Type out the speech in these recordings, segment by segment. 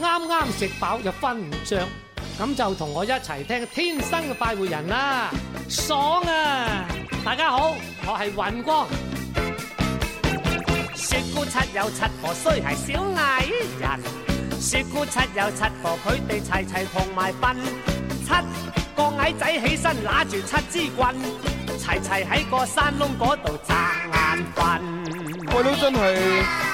啱啱食飽又瞓唔着，咁就同我一齊聽天生嘅快活人啦，爽啊！大家好，我係雲光。雪姑七友七婆雖係小矮人，雪姑七友七婆佢哋齊齊同埋瞓，七個矮仔起身攞住七支棍，齊齊喺個山窿嗰度眨眼。瞓。我都真係。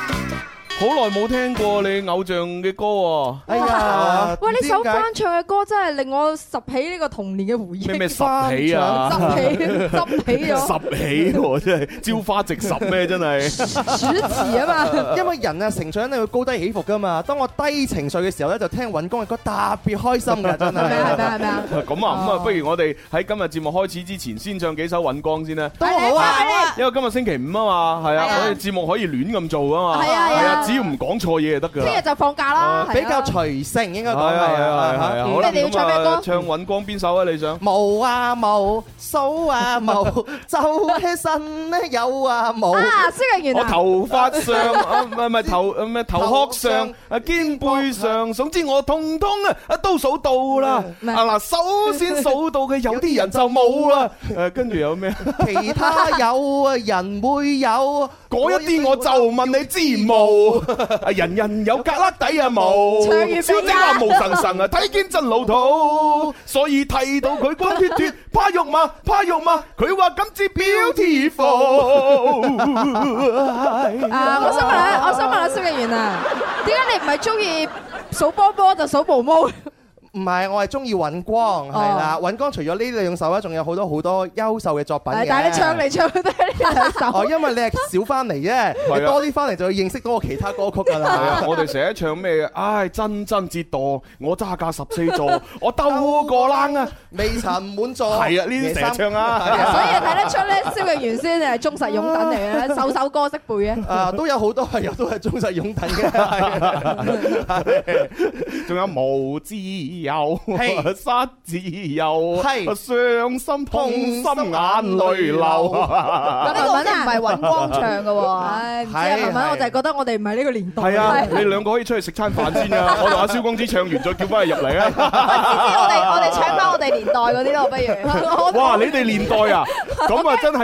好耐冇聽過你偶像嘅歌喎！哎呀，喂，呢首翻唱嘅歌真係令我拾起呢個童年嘅回憶。咩咩拾起啊？拾起，拾起咗。拾起真係朝花夕拾咩？真係。主持啊嘛，因為人啊成長一定會高低起伏噶嘛。當我低情緒嘅時候咧，就聽尹光嘅歌特別開心㗎，真係。係咩？係咩？咁啊咁啊，不如我哋喺今日節目開始之前先唱幾首尹光先啦。都好啊，因為今日星期五啊嘛，係啊，我哋節目可以亂咁做啊嘛。係啊係啊！只要唔講錯嘢就得㗎。聽日就放假啦，比較隨性應該講係。咁你哋要唱咩歌？唱尹光邊首啊？你想？冇啊冇，數啊冇，周身咧有啊冇。啊，司徒榮啊！我頭髮上啊，唔係唔係，頭唔係頭殼上啊，肩背上，總之我通通啊都數到啦。啊嗱，首先數到嘅有啲人就冇啦。誒跟住有咩？其他有啊，人會有。嗰一啲我就問你知冇？ 人人有格粒底啊冇，小姐話毛神神啊，睇 見真老土，所以睇到佢光脫脫，怕肉嘛？怕肉嘛？佢話今次 beautiful。啊！我想問， 我想問下收銀員啊，點解 你唔係中意數波波就數毛毛？ 唔係，我係中意尹光，係啦，哦。尹光除咗呢兩首咧，仲有好多好多優秀嘅作品，但係你唱嚟唱去都係呢兩首。哦，因為你係少翻嚟啫， 你多啲翻嚟就會認識多個其他歌曲㗎啦。我哋成日唱咩唉，真真折墮，我揸架十四座，我兜過冷啊， 未曾滿滿座。係 啊，呢啲成日唱啊， 所以睇得出。 蕭敬員先係忠實擁躉嚟嘅，首首歌識背嘅。啊，都有好多係亦都係忠實擁躉嘅，仲有無自由、失自由、傷心痛心眼淚流。嗰啲唔係尹光唱嘅喎，係啊，文文，我就係覺得我哋唔係呢個年代。係啊，你兩個可以出去食餐飯先啊，我同阿蕭公子唱完再叫翻佢入嚟啊。我哋我哋唱翻我哋年代嗰啲咯，不如。哇！你哋年代啊，咁啊真係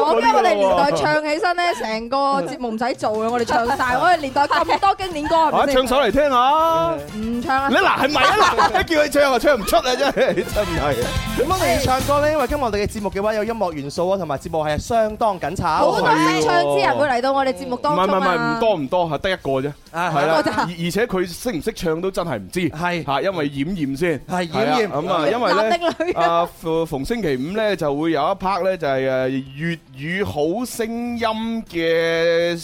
我覺得我哋年代唱起身咧，成個節目唔使做嘅，我哋唱曬。我哋年代咁多經典歌，嚇唱首嚟聽下。唔唱啊！你嗱係咪啊？嗱，一叫佢唱又唱唔出啊！真係真係。咁我哋唱歌咧？因為今日我哋嘅節目嘅話有音樂元素啊，同埋節目係相當緊湊。全部都係唱之人會嚟到我哋節目當中啊！唔多唔多係，得一個啫。啊，係啦。而且佢識唔識唱都真係唔知。係嚇，因為演唔演先。係演唔演？咁啊，因為咧啊，逢星期五咧就會有一 part 咧就係誒粵與好聲音嘅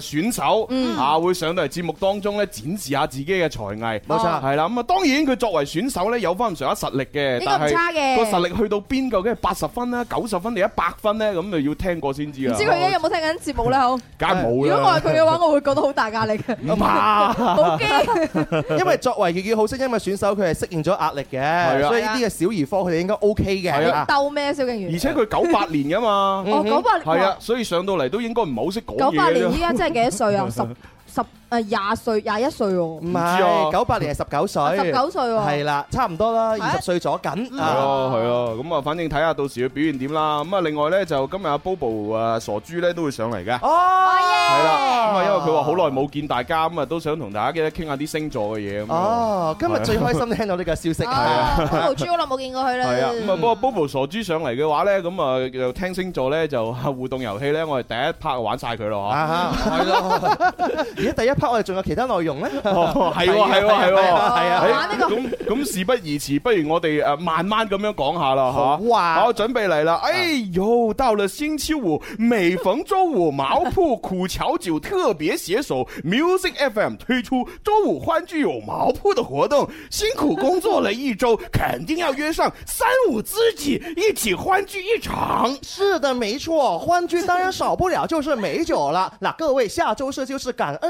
選手啊，會上到嚟節目當中咧，展示下自己嘅才藝，冇錯係啦。咁啊，當然佢作為選手咧，有翻上一實力嘅，呢個唔差嘅個實力去到邊？究竟係八十分啦，九十分定一百分咧？咁就要聽過先知啊！唔知佢有冇聽緊節目咧？好，梗係冇啦。如果我係佢嘅話，我會覺得好大壓力嘅。啊嘛，冇驚，因為作為粵語好聲音嘅選手，佢係適應咗壓力嘅，所以呢啲嘅小兒科佢哋應該 OK 嘅。係啊，鬥咩蕭敬元？而且佢九八年噶嘛。九八年，係啊，所以上到嚟都應該唔係好識講九八年，依家真係幾多歲啊？十。 十誒廿歲廿一歲喎，唔係九八年係十九歲，十九歲係啦，差唔多啦，二十歲咗緊，係咯係咯，咁啊，反正睇下到時嘅表現點啦。咁啊，另外咧就今日阿 Bobo 誒傻豬咧都會上嚟嘅，哦，係啦，咁啊，因為佢話好耐冇見大家，咁啊都想同大家嘅傾下啲星座嘅嘢。哦，今日最開心聽到呢個消息，係啊，傻豬好耐冇見過佢啦。係啊，咁啊，不過 Bobo 傻豬上嚟嘅話咧，咁啊又聽星座咧就互動遊戲咧，我哋第一 part 玩晒佢咯，吓，係咯。而家第一 part 我哋仲有其他內容咧，係喎，係喎，係喎，係啊！呢咁咁事不宜遲，不如我哋誒慢慢咁樣講下啦，嚇哇。好啊，好準備嚟啦！哎又到了星期五，每逢周五毛鋪苦蕎酒特別攜手 Music FM 推出周五歡聚有毛鋪的活動，辛苦工作了一周， 肯定要約上三五知己一起歡聚一場。是的，沒錯，歡聚當然少不了就是美酒了。那、呃、各位下周四就是感恩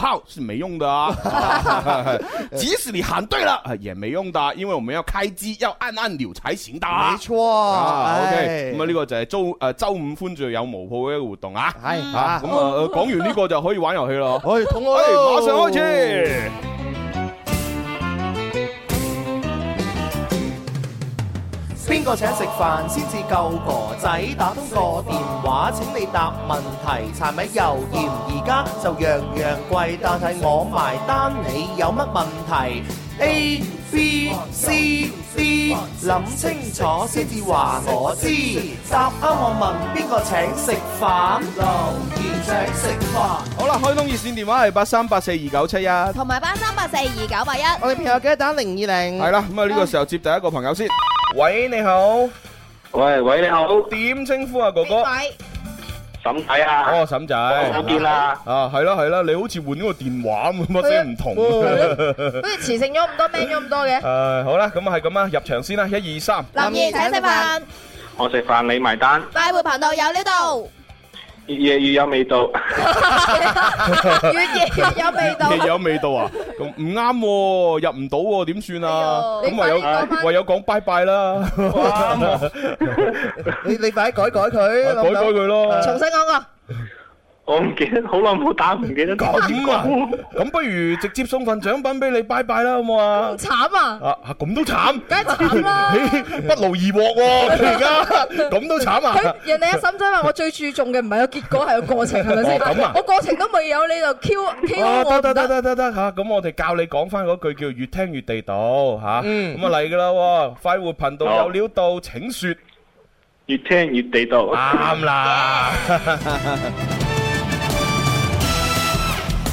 炮是沒用的啊， 即使你喊對了，啊，也沒用的，因為我們要開機，要按按鈕才行的啊。沒錯錯、啊、，OK，咁啊呢個就係周誒周五歡聚有無號嘅一個活動啊，係唉啊，咁、嗯、啊講、呃、完呢個就可以玩遊戲咯，可以、 哎！同我，哎，馬上開始。 邊個請食飯先至夠哥仔？打通個電話，請你答問題。柴米油鹽而家就樣樣貴，但係我埋單。你有乜問題？A B C D，諗清楚先至話我知。答啱我問邊個請食飯？留言請食飯。好啦，開通熱線電話係八三八四二九七一，同埋八三八四二九八一。我哋票有記得打零二零？係啦，咁啊呢個時候接第一個朋友先。喂，你好，喂，喂，你好，點稱呼啊，哥哥？沈仔啊，哦，沈仔，好見啦，啊，係咯，係咯，你好似換咗個電話咁，乜嘢唔同？好似辭成咗咁多，變咗咁多嘅。誒，好啦，咁啊，係咁啊，入場先啦，一二三，林儀，請食飯，我食飯你埋單，快活頻道有呢度。越夜越有味道，越夜越有味道，越有味道啊！咁唔啱，入唔到點算啊？咁唯有唯有講拜拜啦！你你快啲改改佢，改改佢咯，重新講個。我唔記得好耐冇打，唔記得咁啊！咁不如直接送份獎品俾你，拜拜啦，好冇啊？慘啊！啊咁都慘，梗係慘啦！不勞而獲喎，佢而家咁都慘啊！人哋阿嬸仔話我最注重嘅唔係個結果，係個過程，係咪先？咁啊！我過程都未有，你就 Q Q 得得得得得得吓，咁我哋教你講翻嗰句叫越聽越地道吓，咁啊嚟噶啦！快活頻道有料到，請說，越聽越地道，啱啦！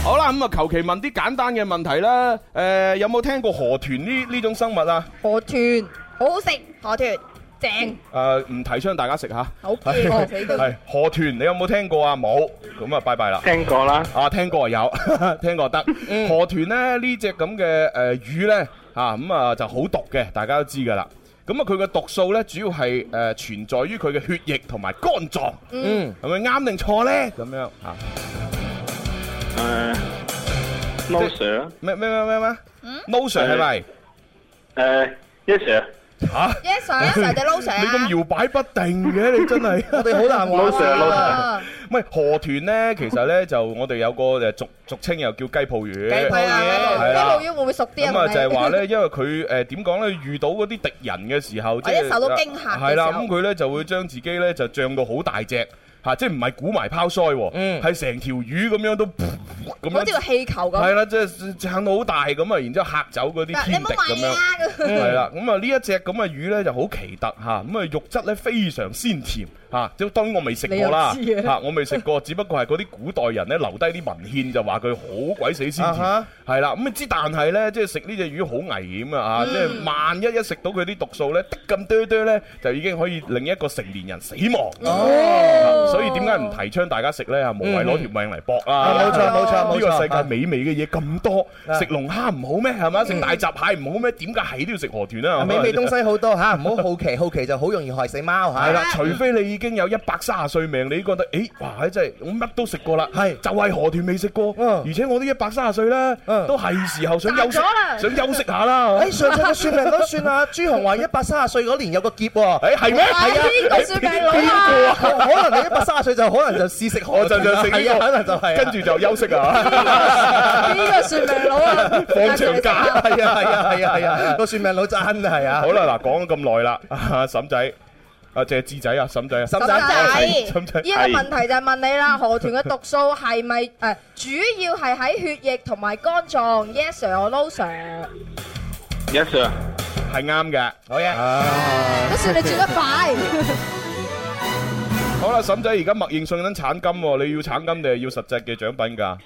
好啦，咁、嗯、啊，求其問啲簡單嘅問題啦。誒、呃，有冇聽過河豚呢？呢種生物啊？河豚好好食，河豚正。誒、呃，唔提倡大家食吓。好，好、喔，係、 哎、河豚，你有冇聽過啊？冇，咁啊，拜拜啦。聽過啦。啊，聽過， 聽過、嗯、啊，有、嗯。聽過得。河豚咧呢隻咁嘅誒魚咧吓咁啊就好毒嘅，大家都知噶啦。咁、呃、啊，佢嘅毒素咧主要係誒存在於佢嘅血液同埋肝臟。嗯。係咪啱定錯咧？咁樣啊？誒，No Sir 咩咩咩咩咩？嗯，No Sir 係咪？誒，Yes Sir 啊，Yes Sir Yes Sir 就 No Sir。你咁搖擺不定嘅，你真係我哋好難玩啊！No Sir No Sir，唔係河豚咧，其實咧就我哋有個誒俗俗稱又叫雞泡魚。雞泡魚係啦，雞泡魚會唔會熟啲啊？咁啊就係話咧，因為佢誒點講咧？遇到嗰啲敵人嘅時候，或者受到驚吓，係啦，咁佢咧就會將自己咧就脹到好大隻。嚇、啊！即係唔係鼓埋泡腮喎，係成、嗯、條魚咁樣都咁樣。好似個氣球㗎。係啦，即係撐到好大咁啊！然之後嚇走嗰啲天敵咁樣。係啦、啊，咁啊呢樣、嗯嗯、一隻咁嘅魚咧就好奇特嚇，咁啊肉質咧非常鮮甜。啊！即係當然我未食過啦，啊我未食過，只不過係嗰啲古代人咧留低啲文獻就話佢好鬼死鮮甜，係啦咁啊知。但係咧，即係食呢隻魚好危險啊！吓，即係萬一一食到佢啲毒素咧，得咁多多咧，就已經可以令一個成年人死亡。哦，所以點解唔提倡大家食咧？啊，無謂攞條命嚟搏啊！冇錯冇錯冇錯，呢個世界美味嘅嘢咁多，食龍蝦唔好咩？係嘛，食大閘蟹唔好咩？點解係都要食河豚啊？美味東西好多吓，唔好好奇好奇就好容易害死貓吓。係啦，除非你。已經有一百三十歲命，你覺得？誒，哇！真係，我乜都食過啦，係就係河豚未食過，而且我呢一百三十歲咧，都係時候想休息想休息下啦。誒，上次嘅算命都算啊，朱紅話一百三十歲嗰年有個劫喎，誒係咩？係邊個算命佬？可能你一百三十歲就可能就試食河豚就食，可能就係跟住就休息啊。呢個算命佬啊，放長假係啊係啊係啊，個算命佬真係啊。好啦，嗱講咗咁耐啦，沈仔。啊！謝志仔啊，沈仔啊，沈仔，呢個問題就係問你啦。河豚嘅毒素係咪誒主要係喺血液同埋肝臟？Yes sir or no sir。Yes sir，係啱嘅。好嘅。好，算你轉得快。好啦，沈仔，而家默認信緊橙金喎，你要橙金定係要實質嘅獎品㗎？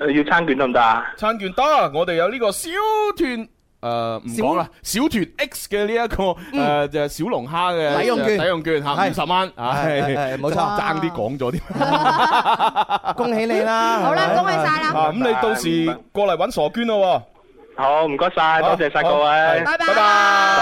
誒，要餐券得唔得啊？餐券得，我哋有呢個小團。誒，唔講啦，小團 X 嘅呢一個誒就、呃、小龍蝦嘅抵用券，抵、嗯、用券吓五十蚊，係係冇錯，爭啲講咗啲，恭喜你啦！ 好啦，恭喜晒啦！咁你到時過嚟搵傻娟咯。好，唔該晒，多謝晒各位，拜拜，拜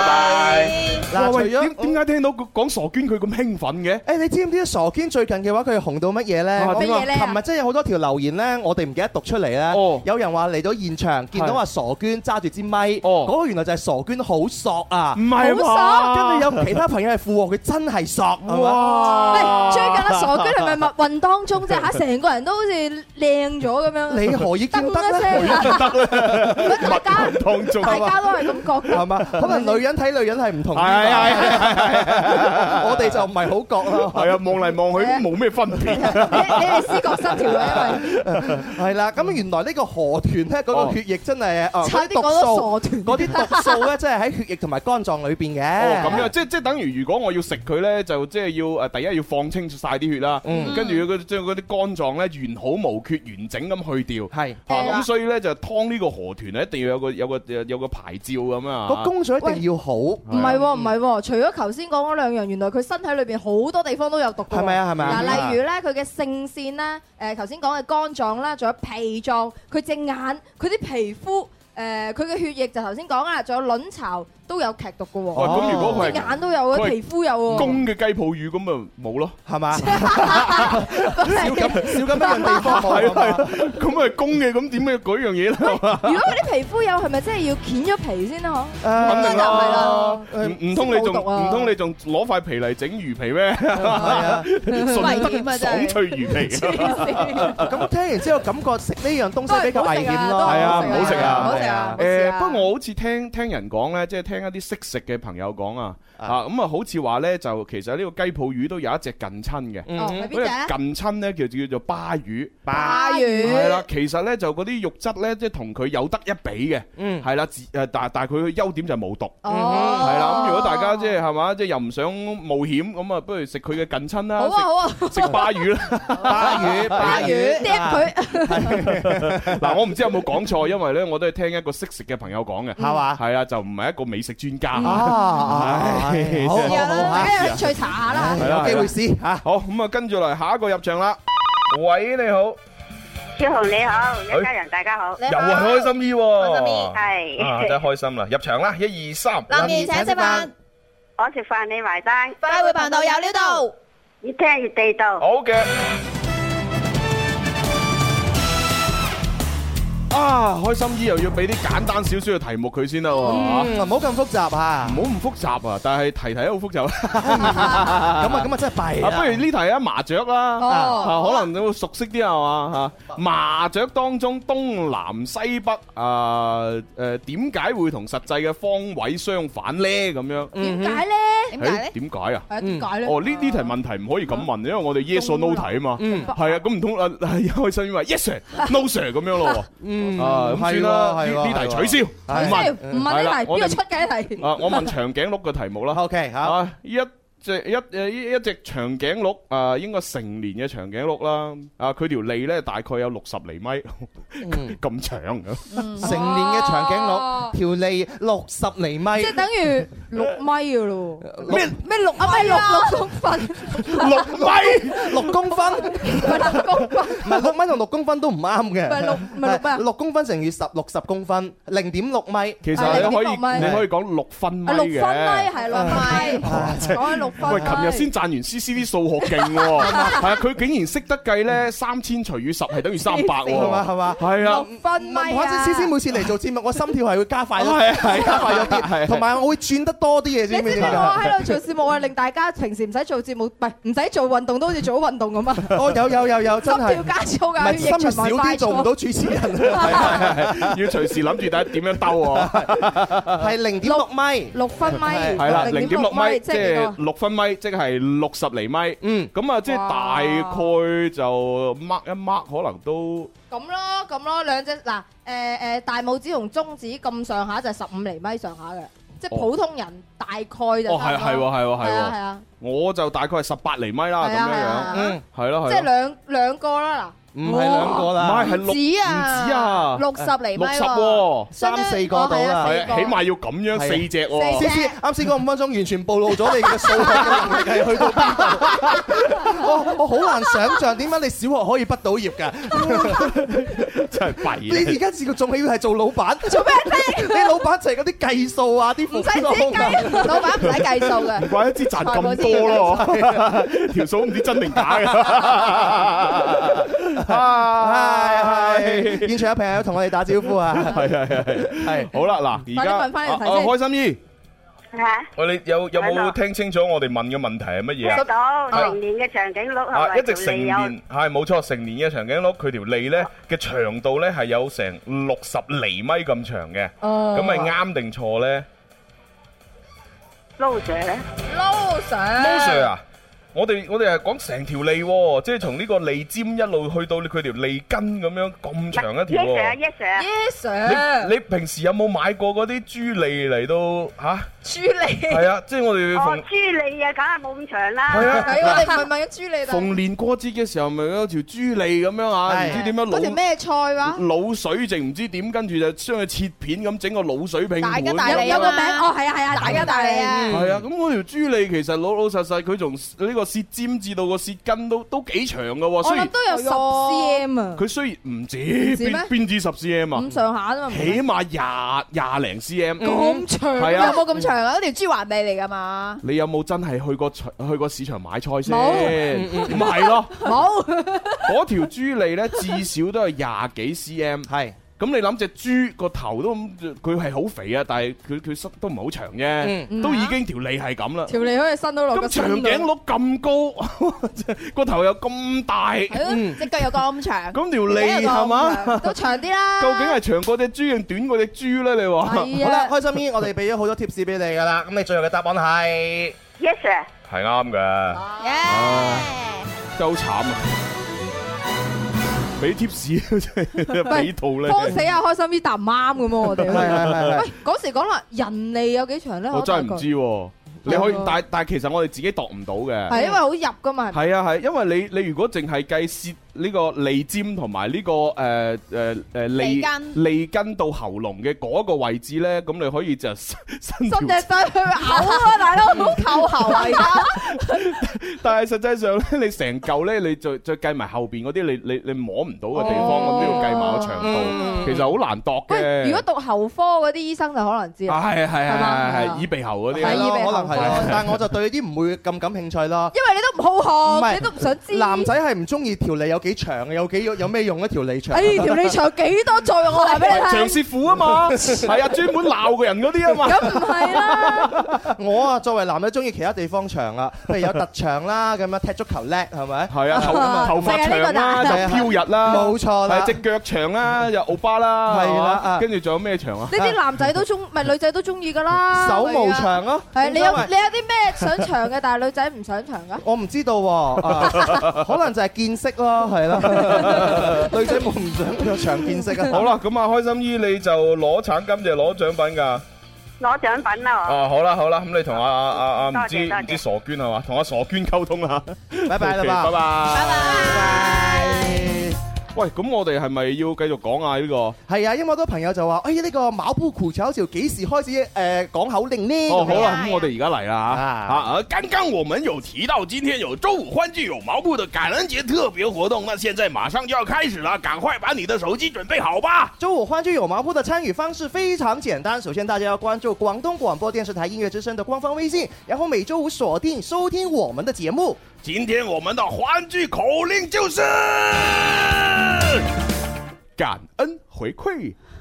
拜，嗱，除咗點解聽到講傻娟佢咁興奮嘅？誒，你知唔知咧？傻娟最近嘅話，佢紅到乜嘢咧？點啊？琴日真係有好多條留言咧，我哋唔記得讀出嚟咧。哦，有人話嚟到現場見到阿傻娟揸住支咪，哦，嗰個原來就係傻娟好索啊，唔係嘛？好索，跟住有其他朋友係附和佢，真係索哇。喂，最近阿傻娟係咪密運當中啫？吓，成個人都好似靚咗咁樣。你何以見得？得唔同俗大家都係咁覺得係嘛？可能女人睇女人係唔同嘅。我哋就唔係好覺啦。係啊，望嚟望去都冇咩分別。你你哋係思覺失調係啦，咁原來呢個河豚咧，嗰個血液真係差啲講到傻斷。嗰啲毒素咧，真係喺血液同埋肝臟裏邊嘅。咁樣即即等於，如果我要食佢咧，就即係要誒第一要放清晒啲血啦，跟住要將嗰啲肝臟咧完好無缺、完整咁去掉。係咁所以咧就劏呢個河豚一定要。個有個有個，有個牌照咁啊，個工序一定要好。唔係喎，唔係喎，除咗頭先講嗰兩樣，原來佢身體裏邊好多地方都有毒。係咪啊？係咪啊？嗱，例如咧，佢嘅性腺咧，誒、呃，頭先講嘅肝臟啦，仲有脾臟，佢隻眼，佢啲皮膚，誒、呃，佢嘅血液就頭先講啊，仲有卵巢。都有劇毒嘅喎，咁如果佢眼都有喎，皮膚有喎。公嘅雞泡魚咁咪冇咯，係嘛？少金少金都係地方，係係。咁係公嘅，咁點解舉樣嘢咧？如果佢啲皮膚有，係咪真係要剷咗皮先啦？嗬，肯定啦。唔唔通你仲唔通你仲攞塊皮嚟整魚皮咩？順德爽脆魚皮。咁聽完之後，感覺食呢樣東西比較危險啦。係啊，唔好食啊。誒，不過我好似聽聽人講咧，即係聽。聽一啲識食嘅朋友講啊，啊咁啊好似話咧就其實呢個雞泡魚都有一隻近親嘅。哦係邊隻近親咧？叫叫做巴魚，巴魚係啦，其實咧就嗰啲肉質咧即係同佢有得一比嘅。嗯係啦，誒但但係佢嘅優點就係冇毒，哦係啦，咁如果大家即係，係嘛，即係又唔想冒險，咁啊不如食佢嘅近親啦，好啊好啊，食巴魚啦，巴魚巴魚掂佢，嗱我唔知有冇講錯，因為咧我都係聽一個識食嘅朋友講嘅，係嘛係啊，就唔係一個美。食專家啊！好，梗係去查下啦，有機會試嚇。好，咁啊，跟住嚟下一個入場啦。喂，你好，超紅你好，一家人大家好，又開心啲喎，係真係開心啦！入場啦，一二三，攬住請食飯，我食飯你埋單，快回頻道有料到，越聽越地道。好嘅。啊，開心姨又要俾啲簡單少少嘅題目佢先得，唔好咁複雜吓，唔好咁複雜啊，但係題題都好複雜，咁啊咁啊真係弊，不如呢題啊麻雀啦，可能你會熟悉啲係嘛吓？麻雀當中東南西北啊，誒，點解會同實際嘅方位相反咧？咁樣點解咧？點解點解啊？點解咧？哦呢呢題問題唔可以咁問，因為我哋 yes or no 啊嘛，係啊咁唔通啊開心姨話 yes or no sir 咁樣咯嗯，咁算啦，係啦，呢題取消，唔係，唔係呢題，邊個出嘅呢題？啊，我問長頸鹿嘅題目啦。OK，吓依一。即係一誒一一隻長頸鹿啊，應該成年嘅長頸鹿啦，啊佢條脷咧大概有六十厘米，咁長。成年嘅長頸鹿條脷六十厘米。即係等於六米噶咯。咩咩六啊米六六六分？六米六公分？唔係六公分。唔係六米同六公分都唔啱嘅。唔係六唔係六啊。六公分乘以十，六十公分，零點六米。其實你可以你可以講六分米嘅。六分米係六米。講緊六。喂，琴日先賺完 C C 啲數學勁喎，係啊！佢竟然識得計咧，三千除以十係等於三百喎，係嘛係嘛？係啊，六分米。我知 CC 每次嚟做節目，我心跳係會加快咗，加快啲，同埋我會轉得多啲嘢先。你知唔知我喺度做節目啊？令大家平時唔使做節目，唔係唔使做運動，都好似做咗運動咁啊！哦，有有有有，真係心跳加速㗎，咪心少啲做唔到主持人，要隨時諗住睇點樣兜喎。係零點六米，六分米係啦，零點六米即係六分米即係六十厘米，嗯，咁啊，即係大概就掹一掹，可能都咁咯，咁咯，兩隻嗱，誒誒，大拇指同中指咁上下就十五厘米上下嘅，即係普通人大概就，係係係係，係啊係啊，我就大概係十八厘米啦，咁樣樣，嗯，係咯係咯即係兩兩個啦嗱。唔係兩個啦，唔止啊，六十釐米喎，三四個到啦，起碼要咁樣四隻喎。C C，啱先個五分鐘完全暴露咗你嘅數學能力係去到邊度？我我好難想像點解你小學可以畢到業嘅，真係弊嘢。你而家試過仲係要係做老闆，做咩啫？你老闆就係嗰啲計數啊，啲夫妻老闆唔使計數嘅，唔怪一知賺咁多咯，條數唔知真定假嘅。係係，現場有朋友同我哋打招呼啊！係係係係，好啦，嗱，而家我哋問翻個題先。開心姨，係啊，我哋有有冇聽清楚我哋問嘅問題係乜嘢？聽到成年嘅長頸鹿係咪？一直成年係冇錯，成年嘅長頸鹿佢條脷咧嘅長度咧係有成六十厘米咁長嘅。哦，咁係啱定錯咧？撈 sir，撈 sir，撈 sir 啊！我哋我哋係講成條脷喎，即係從呢個脷尖一路去到佢條脷根咁樣咁長一條。Yes sir，yes sir，yes sir。你平時有冇買過嗰啲豬脷嚟到吓，豬脷？係啊，即係我哋逢豬脷啊，梗係冇咁長啦。係啊，我哋問問嘅豬脷。逢年過節嘅時候，咪有條豬脷咁樣啊，唔知點樣攞嗰條咩菜哇？鹵水剩唔知點，跟住就將佢切片咁整個鹵水拼盤。大家大利啊！有個名哦，係啊係啊，大家大利啊！係啊，咁嗰條豬脷其實老老實實，佢從呢個。舌尖至到個舌根都都幾長噶，啊，所以都有十 cm 啊！佢雖然唔止，邊邊至十 cm，啊，咁上下咋嘛？起碼廿廿零 cm，咁長有冇咁長啊？嗰條豬華利嚟噶嘛？你有冇真係去過去過市場買菜先？唔係，嗯嗯嗯、咯，冇嗰條豬脷咧，至少都係廿幾 cm，係。咁你諗隻豬個頭都咁，佢係好肥啊，但係佢佢伸都唔好長啫，嗯、都已經條脷係咁啦，條脷可以伸到落。咁長頸鹿咁高，個頭又咁大，隻腳又咁長，咁條脷係嘛？都長啲啦。究竟係長過隻豬定短過隻豬咧？你話？啊、好啦，開心，心我哋俾咗好多 tips 俾你噶啦。咁你最後嘅答案係 yes sir，係啱嘅。耶、yeah.，真係好慘啊！俾貼士，真係呢套咧，放死啊！開心啲，答啱咁喎，我哋係係係。喂、啊，嗰時講話人脷有幾長咧？啊啊、我真係唔知、啊， 你可以，但、啊、但其實我哋自己度唔到嘅。係因為好入噶嘛。係啊係、啊啊啊啊啊，因為你你如果淨係計呢個脷尖同埋呢個誒誒誒脷根，脷根到喉嚨嘅嗰個位置咧，咁你可以就伸伸隻手去咬啊，大佬，唔好扣喉啊！但係實際上咧，你成嚿咧，你再再計埋後邊嗰啲，你你你摸唔到嘅地方，咁都要計埋個長度，其實好難度嘅。如果讀喉科嗰啲醫生就可能知啦，係係係耳鼻喉嗰啲啦，可能係。但係我就對呢啲唔會咁感興趣啦，因為你都唔好學，你都唔想知。男仔係唔中意條脷有幾長有幾有咩用啊？條脷長，哎，條脷長幾多作用？我話俾你聽，長舌婦啊嘛，係啊，專門鬧個人嗰啲啊嘛。咁唔係啦，我啊作為男仔中意其他地方長啊，譬如有特長啦，咁樣踢足球叻係咪？係啊，頭頭髮長啦，就飄逸啦，冇錯啦，係隻腳長啦，又歐巴啦，係啦，跟住仲有咩長啊？呢啲男仔都中，咪女仔都中意噶啦。手毛長咯，係你你有啲咩想長嘅，但係女仔唔想長噶？我唔知道，可能就係見識咯。係啦，女仔冇唔想有長見識、嗯 uh，啊！好啦，咁啊開心姨你就攞橙，金就攞獎品噶，攞獎品啦！哦、啊啊，好啦好啦，咁你同阿阿阿唔知唔知傻娟係嘛，同阿傻娟溝通啦！拜拜啦嘛，拜拜，不不拜拜。喂，咁、嗯、我哋係咪要繼續講啊呢、這個？係啊，因為好多朋友就話，哎呀呢、這個毛鋪苦蕎酒幾時開始誒、呃、講口令呢？哦，好啦，咁、 嗯、我哋而家嚟啦。啊啊！剛剛我們有提到，今天有周五歡聚有毛鋪的感恩節特別活動，那現在馬上就要開始了，趕快把你的手機準備好吧。周五歡聚有毛鋪的參與方式非常簡單，首先大家要關注廣東廣播電視台音樂之聲的官方微信，然後每周五鎖定收聽我們的節目。今天我們的歡聚口令就是感恩回饋。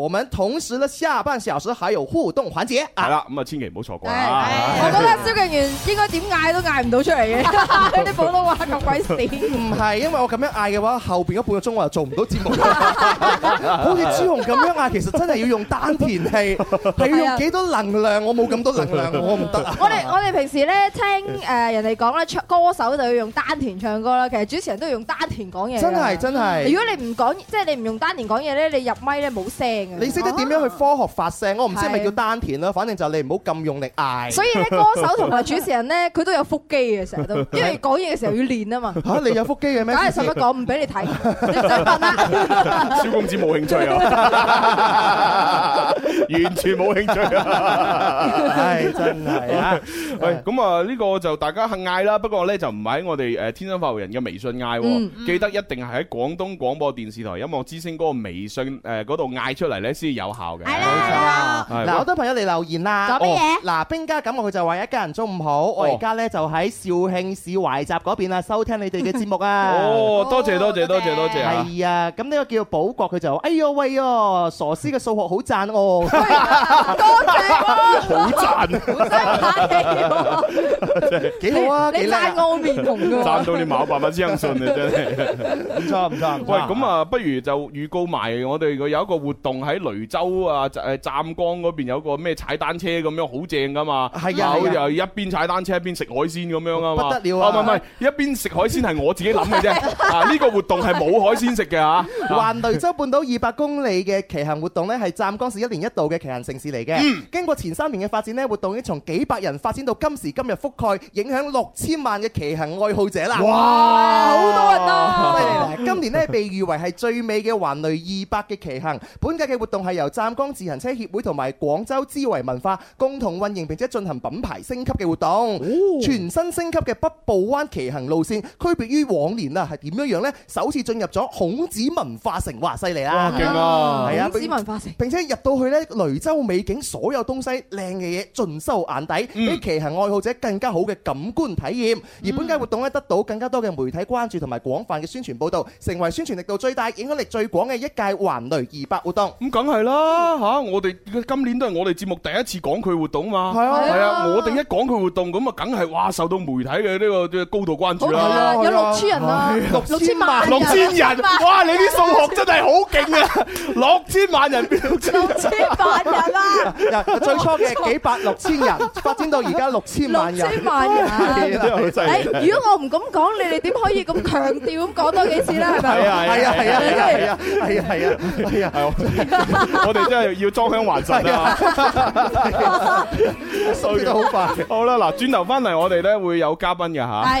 我們同時咧，下半小時還有互動環節啊！係啦，咁、嗯、啊，千祈唔好錯過、哎哎、我覺得蕭敬源應該點嗌都嗌唔到出嚟嘅，啲普通話咁鬼死！唔係，因為我咁樣嗌嘅話，後邊嗰半個鐘我又做唔到節目。 好似朱紅咁樣嗌，其實真係要用丹田氣，係 是用幾多，多能量？我冇咁多能量，我唔得啊！我哋我哋平時咧聽誒、呃、人哋講咧唱歌手就要用丹田唱歌啦，其實主持人都要用丹田講嘢。真係真係！如果你唔講，即、就、係、是、你唔用丹田講嘢咧，你入咪咧冇聲。你識得點樣去科學發聲？我唔知係咪叫丹田啦，反正就你唔好咁用力嗌。所以咧，歌手同埋主持人咧，佢都有腹肌嘅，成日都，因為講嘢嘅時候要練啊嘛。嚇你有腹肌嘅咩？梗係使乜講唔俾你睇，你想問啊？小公子冇興趣啊，完全冇興趣啊！唉，真係啊！喂，咁啊，呢個就大家嗌啦。不過咧，就唔係我哋誒天生快活人嘅微信嗌，記得一定係喺廣東廣播電視台音樂之星嗰個微信誒嗰度嗌出嚟。你先有效嘅，係啦，嗱，好多朋友嚟留言啦。做乜嘢？嗱，兵家咁，佢就話一家人中午好。我而家咧就喺肇慶市懷集嗰邊啊，收聽你哋嘅節目啊。哦，多謝多謝多謝多謝。係啊，咁呢個叫寶國，佢就話：哎呀喂哦，傻師嘅數學好讚哦，多謝，好讚，真係幾好啊，你靚，我面紅讚到你冇辦法相信你真係，唔差唔差。喂，咁啊，不如就預告埋我哋佢有一個活動。喺雷州啊，誒湛江嗰邊有個咩踩單車咁樣好正噶嘛？係啊的，一邊踩單車一邊食海鮮咁樣啊不得了啊，啊！唔係， 一邊食海鮮係我自己諗嘅啫。 啊，呢、這個活動係冇海鮮食嘅啊，環 雷州半島二百公里嘅騎行活動咧，係湛江市一年一度嘅騎行城市嚟嘅。嗯、經過前三年嘅發展咧，活動已經從幾百人發展到今時今日覆蓋影響六千萬嘅騎行愛好者啦。哇！好多人啊！ 今年咧，被譽為係最美嘅環雷二百嘅騎行，本屆嘅。活動係由湛江自行車協會同埋廣州知為文化共同運營，並且進行品牌升級嘅活動。全新升級嘅北部灣騎行路線，區別於往年啊，係點樣樣咧？首次進入咗孔子文化城，哇，犀利啊！哇，勁啊！係啊，孔子文化城，並且入到去咧，雷州美景所有東西靚嘅嘢盡收眼底，俾騎行愛好者更加好嘅感官體驗。而本屆活動咧，得到更加多嘅媒體關注同埋廣泛嘅宣傳報道，成為宣傳力度最大、影響力最廣嘅一屆環雷二百活動。梗係啦，嚇！我哋今年都係我哋節目第一次講佢活動嘛，係啊，係啊！我哋一講佢活動咁啊，梗係哇，受到媒體嘅呢個高度關注啦，有六千人啦，六六千萬六千人，哇！你啲數學真係好勁啊，六千萬人變六千萬人啦！最初嘅幾百六千人發展到而家六千萬人，六千萬人。係啊，如果我唔咁講，你哋點可以咁強調咁講多幾次咧？係咪啊？係啊！係啊！係啊！係啊！係啊！係啊！ 我哋真係要裝香還神啊！衰咗 好快，好啦，嗱，轉頭翻嚟，我哋咧會有嘉賓嘅吓。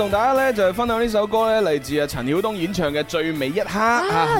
同大家咧就分享呢首歌咧，嚟自，啊陳曉東演唱嘅《最美一刻》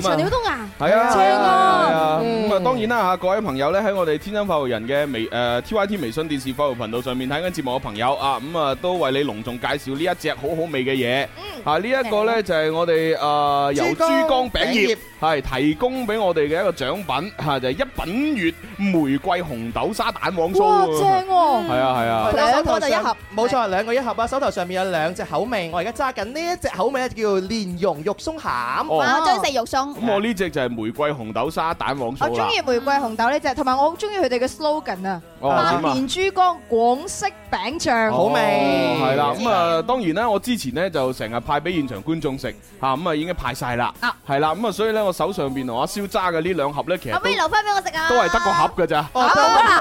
陳曉東啊，係啊，正啊。咁啊，當然啦吓，各位朋友咧喺我哋天生快活人嘅微誒 T Y T 微信電視快活頻道上面睇緊節目嘅朋友啊，咁啊都為你隆重介紹呢一隻好好味嘅嘢。嗯。呢一個咧就係我哋誒由珠江餅業係提供俾我哋嘅一個獎品吓，就係一品月玫瑰紅豆沙蛋黃酥。哇，正！係啊，係啊。兩個一盒。冇錯，兩個一盒啊。手頭上面有兩隻口。我而家揸緊呢一隻口味咧，叫蓮蓉肉鬆餡。我中意食肉鬆。咁我呢隻就係玫瑰紅豆沙蛋黃酥啦。我中意玫瑰紅豆呢隻，同埋我好中意佢哋嘅 slogan 啊，百年珠江廣式餅醬。好味，係啦。咁啊，當然啦，我之前咧就成日派俾現場觀眾食，吓咁啊，已經派晒啦。啊，係啦。咁啊，所以咧，我手上邊同阿蕭揸嘅呢兩盒咧，其實可唔可以留返俾我食啊？都係得個盒嘅咋。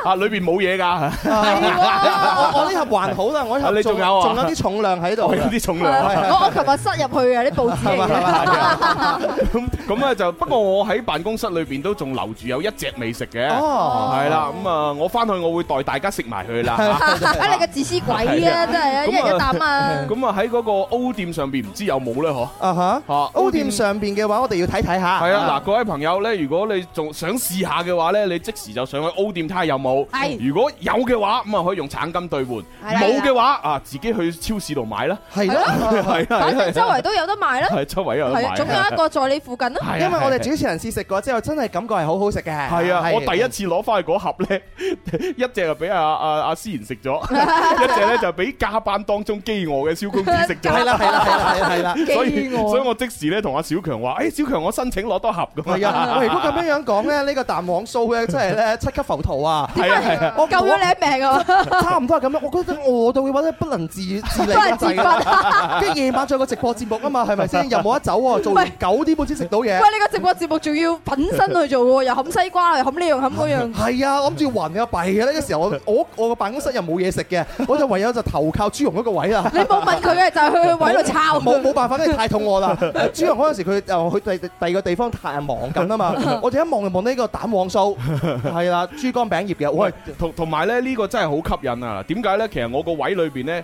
啊，裏邊冇嘢噶。係啊，我我呢盒還好啦，我呢盒你仲仲有啲重量喺度。啲重量，我我琴日塞入去呀啲報紙嚟嘅。咁咁咧就，不過我喺辦公室裏邊都仲留住有一隻未食嘅。哦，係啦，咁啊，我翻去我會代大家食埋佢啦。睇你個自私鬼啊，真係一人一啖啊！咁啊，喺嗰個 O 店上邊唔知有冇咧？嗬。啊哈。啊，O 店上邊嘅話，我哋要睇睇下。係啊，嗱，各位朋友咧，如果你仲想試下嘅話咧，你即時就上去 O 店睇下有冇。係。如果有嘅話，咁啊可以用橙金兌換。係。冇嘅話，啊，自己去超市度買啦。係咯，係啊，反正周圍都有得賣啦，係周圍有得賣，總有一個在你附近咯。因為我哋主持人試食過之後，真係感覺係好好食嘅。係啊，我第一次攞翻嗰盒咧，一隻就俾阿阿阿思賢食咗，一隻咧就俾加班當中飢餓嘅蕭公子食咗。係啦，係啦，係啦，所以所以我即時咧同阿小強話，誒，小強，我申請攞多盒㗎。係啊，我如果咁樣講咧，呢個蛋黃酥咧，真係咧七級浮屠啊！係啊，啊。我救咗你一命啊。差唔多係咁樣。我覺得餓到嘅話咧不能自自自跟夜晚再個直播節目啊嘛，係咪先？又冇得走喎，啊，做係九點半先食到嘢。喂，你、這個直播節目仲要粉身去做喎，啊，又冚西瓜，又冚呢樣冚嗰樣。係啊，諗住暈阿弊嘅。呢、這個時候我我我個辦公室又冇嘢食嘅，我就唯有就投靠朱融嗰個位啊。你冇問佢嘅， 就係去個位度抄。冇冇辦法，真係太肚餓啦。朱融嗰陣時佢又去第第二個地方太忙緊啊嘛， 我哋一望就望到呢個蛋黃酥，係啦，豬肝、 啊、餅葉嘅。喂，同同埋咧呢、這個真係好吸引啊！點解咧？其實我個位裏邊咧。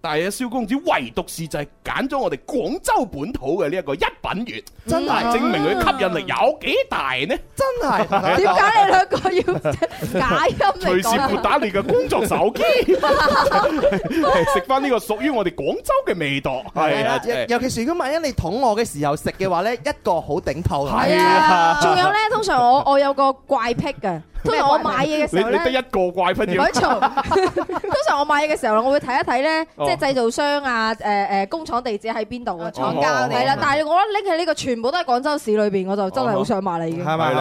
但係阿蕭公子唯獨是就係揀咗我哋廣州本土嘅呢一個一品月，真係證明佢吸引力有幾大呢？真係，點解 你兩個要 假音嚟？隨時撥打你嘅工作手機，食翻呢個屬於我哋廣州嘅味道，係 啊，尤其是如果萬一你捅我嘅時候食嘅話咧， 一個好頂肚係啊，仲有咧，通常我我有個怪癖嘅。通常我買嘢嘅時候咧，你得一個怪分嘅。通常我買嘢嘅時候，我會睇一睇咧，即係製造商啊，誒、呃、誒工廠地址喺邊度啊，廠家係、oh oh oh oh、啦。但係我拎起呢個，全部都喺廣州市裏邊，我就真係好想買你嘅。係咪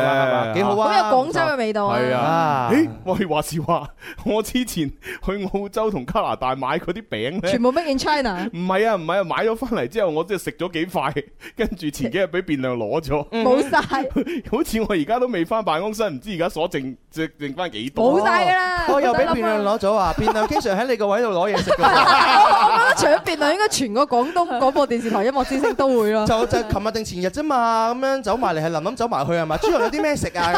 咧？ 幾好啊！咁有廣州嘅味道啊！ 啊！咦、欸？喂，話事話，我之前去澳洲同加拿大買嗰啲餅咧，全部 make in China。唔係啊，唔係啊，買咗翻嚟之後，我即係食咗幾塊，跟住前幾日俾變量攞咗，冇晒， 嗯、 好似我而家都未翻辦公室，唔知而家所剩。剩剩翻幾多？冇晒啦！我又俾辯論攞咗啊！辯論經常喺你個位度攞嘢食。我覺得除咗辯論，應該全個廣東廣播電視台音樂之聲都會咯。就就琴日定前日啫嘛，咁樣走埋嚟係林林走埋去係咪？朱紅有啲咩食啊？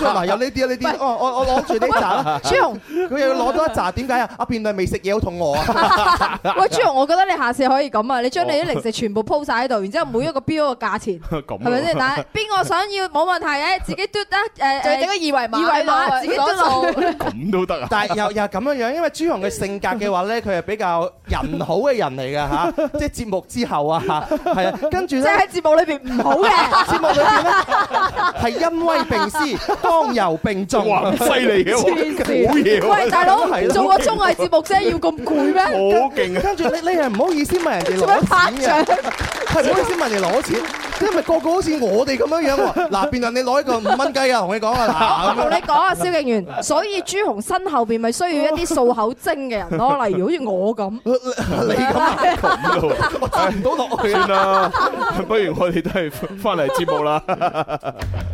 朱紅有呢啲啊呢啲。哦，我我攞住呢扎啦。朱紅佢又要攞多一扎，點解啊？阿辯論未食嘢，好肚餓啊！喂，朱紅，我覺得你下次可以咁啊！你將你啲零食全部鋪晒喺度，然之後每一個標個價錢，咁係咪先？但邊個想要冇問題嘅，自己嘟得誒誒，整個二維碼。唔係嘛，自己做咁都得啊！但係又又咁樣樣，因為朱紅嘅性格嘅話咧，佢係比較人好嘅人嚟㗎吓，即係節目之後啊吓，係啊，跟住咧即係喺節目裏邊唔好嘅，節目裏邊係恩威並施，剛柔並重，哇，犀利嘅，好嘢喎，大佬，做個綜藝節目啫，要咁攰咩？好勁啊！跟住你你係唔好意思問人哋攞錢㗎！係唔好意思問人攞錢。因為個個好似我哋咁樣樣、啊、嗱，變相你攞一個五蚊雞啊，同你講啊，同你講啊，蕭敬元，所以朱紅身後邊咪需要一啲數口精嘅人咯、啊，例如好似我咁， 你咁啊，唔到落算啦了， 不如我哋都係翻嚟節目啦。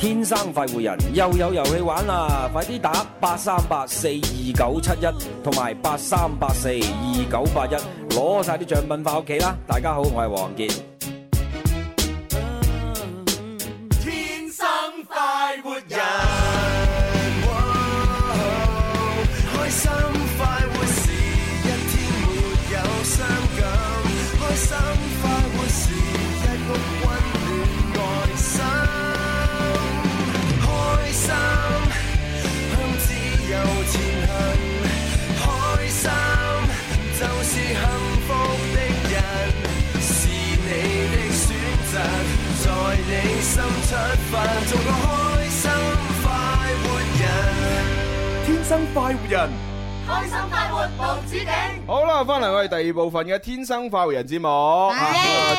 天生快活人，又有遊戲玩啦！快啲打八三八四二九七一同埋八三八四二九八一，攞晒啲獎品返屋企啦！大家好，我係王傑。出發做個開心快活人，天生快活人。開心快活無止境。好啦，翻嚟，我哋第二部分嘅天生快活人節目。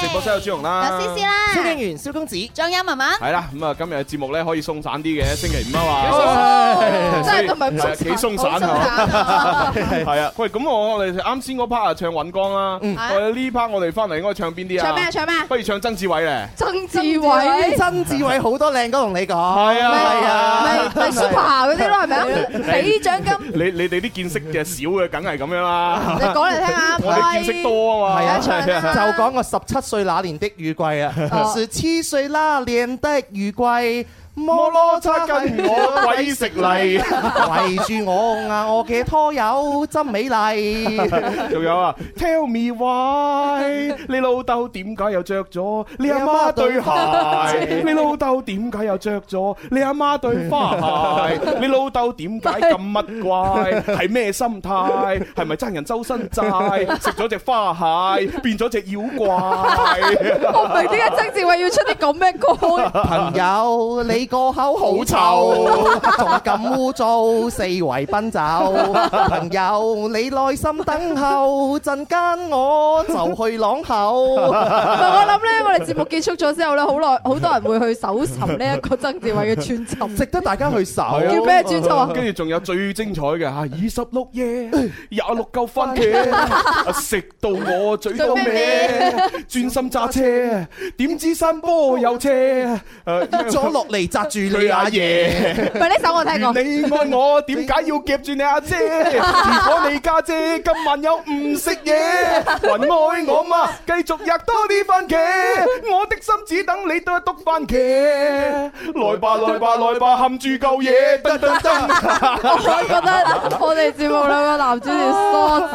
直播室有朱紅啦，有詩詩啦，蕭敬員、蕭公子、張欣文文。係啦，咁啊今日嘅節目咧可以鬆散啲嘅，星期五啊嘛，幾鬆散，真係今日幾鬆散係嘛？係啊。喂，咁我我哋啱先嗰 part 啊唱尹光啦，喺呢 part 我哋翻嚟應該唱邊啲啊？唱咩？唱咩？不如唱曾志偉咧。曾志偉，曾志偉好多靚歌同你講。係啊，係啊，係 super 嗰啲咯，係咪啊？俾獎金。你你哋啲見識。其實少嘅，梗係咁樣啦。 你講嚟聽下， 我哋見識多啊嘛。係 啊，啊 就講個十七歲那年的雨季啊，十七歲啦，年的雨季。 摩羅七根我，鬼食嚟 圍住我啊！我嘅拖友真美麗、 啊，仲有啊 Tell me why 你老豆點解又着咗你阿媽對鞋？ 你老豆點解又着咗你阿媽對花鞋？ 你老豆點解咁乜怪？係咩 心態？係咪爭人周身債？ 食咗隻花蟹，變咗隻妖怪？ 我唔明點解曾志偉要出啲咁咩歌？ 朋友，你。個口好臭，同仲咁污糟，四圍奔走，朋友你耐心等候，陣間我就去朗口。 我諗咧，我哋節目結束咗之後咧，好耐好多人會去搜尋呢一個曾志偉嘅專輯，值得大家去搜。叫咩專輯啊？跟住仲有最精彩嘅，吓，二十六夜，廿六夠分嘅，食到我嘴，到咩？專心揸車，點知山坡有車，跌咗落嚟。扎住你阿爺，喂，呢首我聽過。你愛我點解要夾住你阿姐？如果你家姐今晚又唔食嘢，還愛我嗎？繼續吔多啲番茄，我的心只等你都一督番茄。來吧來吧來吧，含住嚿嘢。我係覺得我哋節目兩個男主持疏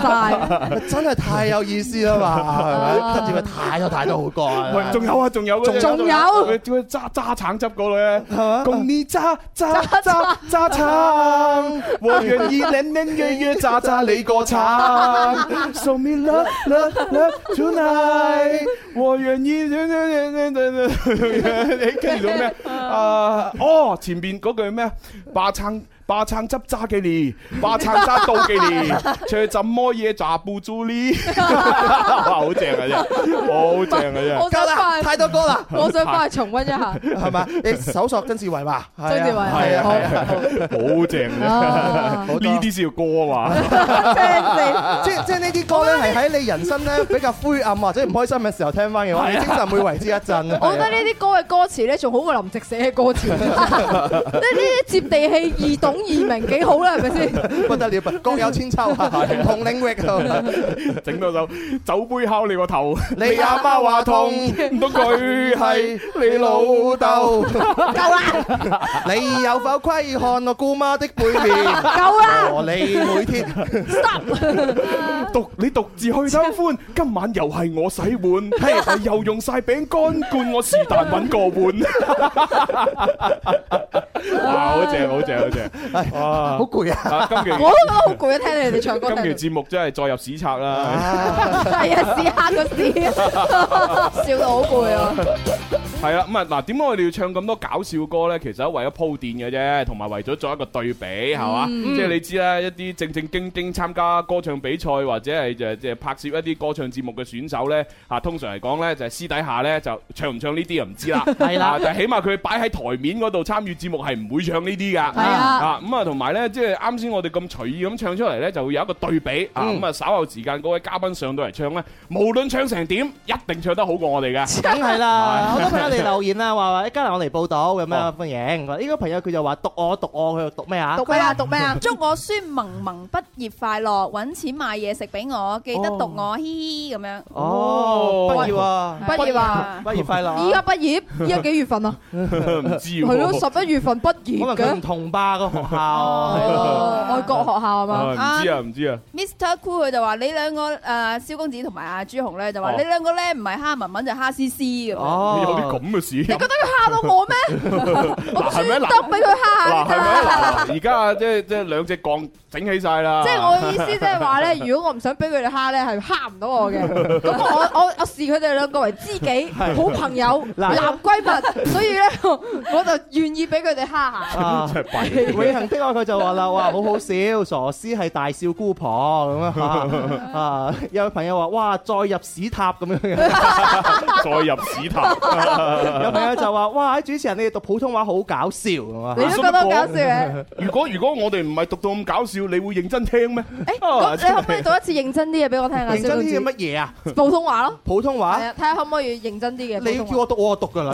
晒，真係太有意思啦嘛！係咪？節目太多太多好歌，仲有啊，仲有，仲仲有，仲要揸揸橙汁過嚟共你扎扎扎扎撐，我願意年年月月扎扎你個撐。送你 love love love tonight，我願意。你跟住做咩？啊哦，前面嗰句咩？八撐。八餐執渣嘅你，八餐渣倒嘅你，卻怎麼也抓不住你，好正啊真，好正啊真。我夠喇，太多歌啦，我想翻去重溫一下，係咪？你搜索曾志偉話？曾志偉，係啊，好，好正啊，呢啲先叫歌啊嘛。即係即係呢啲歌咧，係喺你人生咧比較灰暗或者唔開心嘅時候聽翻嘅話，你精神會為之一振。我覺得呢啲歌嘅歌詞咧，仲好過林夕寫嘅歌詞，即係呢啲接地氣、易懂。二名幾好啦，係咪先？不得了，各有千秋，唔同領域，整到酒酒杯敲你個頭。你阿媽話痛，都佢係你老豆。夠啦！你有否窺看我姑媽的背面？夠啦！我你每天，獨你獨自去秋歡，今晚又係我洗碗，嘿，又用曬餅乾罐，我是但揾個碗。好正，好正，好正。係哇，好攰啊！我我都好攰啊，聽你哋唱歌。今期節目真係再入史冊啦，係啊，屎下個屎，笑到好攰啊！係啊，咁啊嗱，點解我哋要唱咁多搞笑歌咧？其實為咗鋪墊嘅啫，同埋為咗做一個對比，係嘛？即係你知啦，一啲正正經經參加歌唱比賽或者係就就拍攝一啲歌唱節目嘅選手咧，吓通常嚟講咧就私底下咧就唱唔唱呢啲啊唔知啦，係啦，但係起碼佢擺喺台面嗰度參與節目係唔會唱呢啲噶，係啊。咁啊，同埋咧，即係啱先，我哋咁隨意咁唱出嚟咧，就會有一個對比啊。咁啊，稍後時間嗰位嘉賓上到嚟唱咧，無論唱成點，一定唱得好過我哋嘅。梗係啦，好多朋友嚟留言啦，話話：一家嚟我嚟報道，有咩歡迎？依個朋友佢就話：讀我讀我，佢讀咩啊？讀咩啊？讀咩啊？祝我孫萌萌畢業快樂，揾錢買嘢食俾我，記得讀我，嘻嘻咁樣。哦，畢業啊！畢業啊！畢業快樂！依家畢業？依家幾月份啊？唔知喎。係咯，十一月份畢業嘅。可能唔同吧？個。學校，外國學校啊嘛？唔知啊，唔知啊。Mr. Cool 佢就話：你兩個誒，蕭公子同埋阿朱紅咧，就話你兩個咧唔係蝦文文就蝦絲絲嘅。哦，有啲咁嘅事，你覺得佢蝦到我咩？我專登俾佢蝦下。而家即係即係兩隻槓整起晒啦。即係我意思即係話咧，如果我唔想俾佢哋蝦咧，係蝦唔到我嘅。咁我我視佢哋兩個為知己、好朋友、男閨蜜，所以咧我就願意俾佢哋蝦下。真係弊。聽我佢就話啦，哇，好好笑，傻師係大笑姑婆咁啊！啊，有位朋友話，哇，再入屎塔咁樣，再入屎塔。有朋友就話，哇，主持人你哋讀普通話好搞笑啊！你都覺得好搞笑咧？如果如果我哋唔係讀到咁搞笑，你會認真聽咩？誒，你可唔可以做一次認真啲嘅俾我聽啊？認真啲乜嘢啊？普通話咯，普通話。睇下可唔可以認真啲嘅？你叫我讀，我讀噶啦。